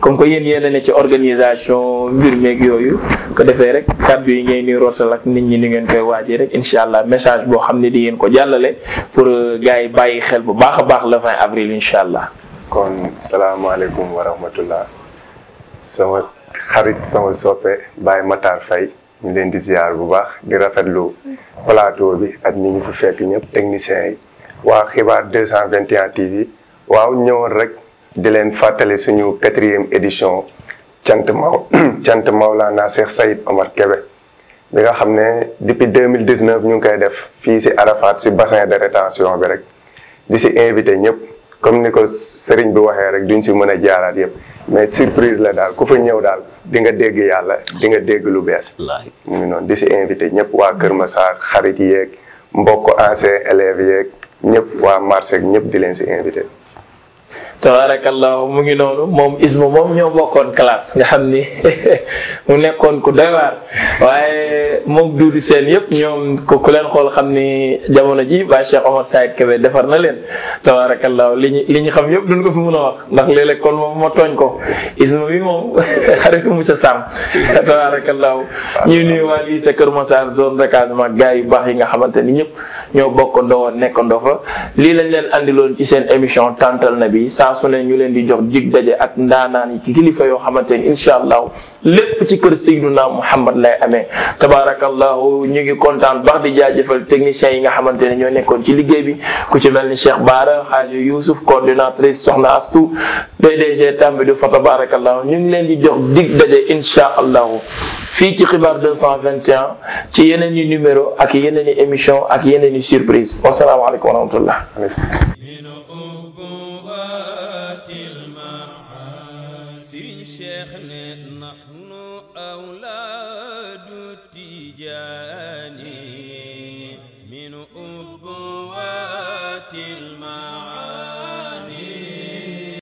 comme que yéen yéen a ci organisation mbir meeg yooyu ko defee rek kàddu yi ngeen di rootal ak nit ñi ni ngeen koy waajee rek incha allah message boo xam ne di ngeen ko jàllale pour euh, gars yi bàyyi xel bu baax a baax le 20 avril incha allah. kon salaamaaleykum wa rahmatullah sama xarit sama soppe Baye Matar Faye ñu leen di ziar bu baax di lu plateau bi ak ni ñu fi fekk ñëpp techniciens yi waa xibaar 221 TV waaw ñëwoon rek. di leen fàttali suñu quatrième édition cant maw <clears throat> cant Maulana Cheikh Sayid Omar kebe bi nga xam ne depuis 2019 ñu ngi koy def fii si Arafat si bassin de rétention bi rek di si invité ñëpp comme ni ko sëriñ bi waxee rek duñ si mën a jaaraat yëpp mais surprise la daal ku fa ñëw daal di nga dégg yàlla di nga dégg lu bees mu ngi di si invité ñëpp waa Kër Massar xarit yeeg mbokk ancien élèves yeeg ñëpp waa marché ñëpp di leen si invité tabarakallahu mu ngi noonu moom isma moom ñoo bokkoon classe nga xam ni <laughs> mu nekkoon ku doy waar waaye moom duudi seen yëpp ñoom ku ku leen xool xam ni jamono ji ba Cheikh Omar Saïd defar na leen tabarakallahu li ñu li ñu xam yëpp duñ ko fi mën wax ndax léeg-léeg kon moom ma tooñ ko isma bi moom <laughs> xaritu Moussa Sam <laughs> tabarakallahu ñuy nuyu waa lii sa Kër Massar zone de Casamance gars yu baax yi nga xamante ni ñëpp ñoo bokkandoo woon nekkandoo fa lii lañ leen andiloon ci seen émission tantal na bi saa ñu leen di jox dig daje ak ndaanaan ci kilifa yo xamante inshallah lépp ci kër sayyiduna Muhammad lay amé tabarakallah ñu ngi contane bax di jaajeufal technicien yi nga xamante ne ñoo nekkoon ci liggéey bi ku ci melni Cheikh bara haji yusuf coordinatrice Soxna astu PDG tambe du fata barakallah ñu ngi leen di jox dig daje inshallah fi ci xibar 221 ci yeneen ñu numéro ak yeneen ñu émission ak yeneen ñu surprise alaykum wa rahmatullah الثاني من أبوات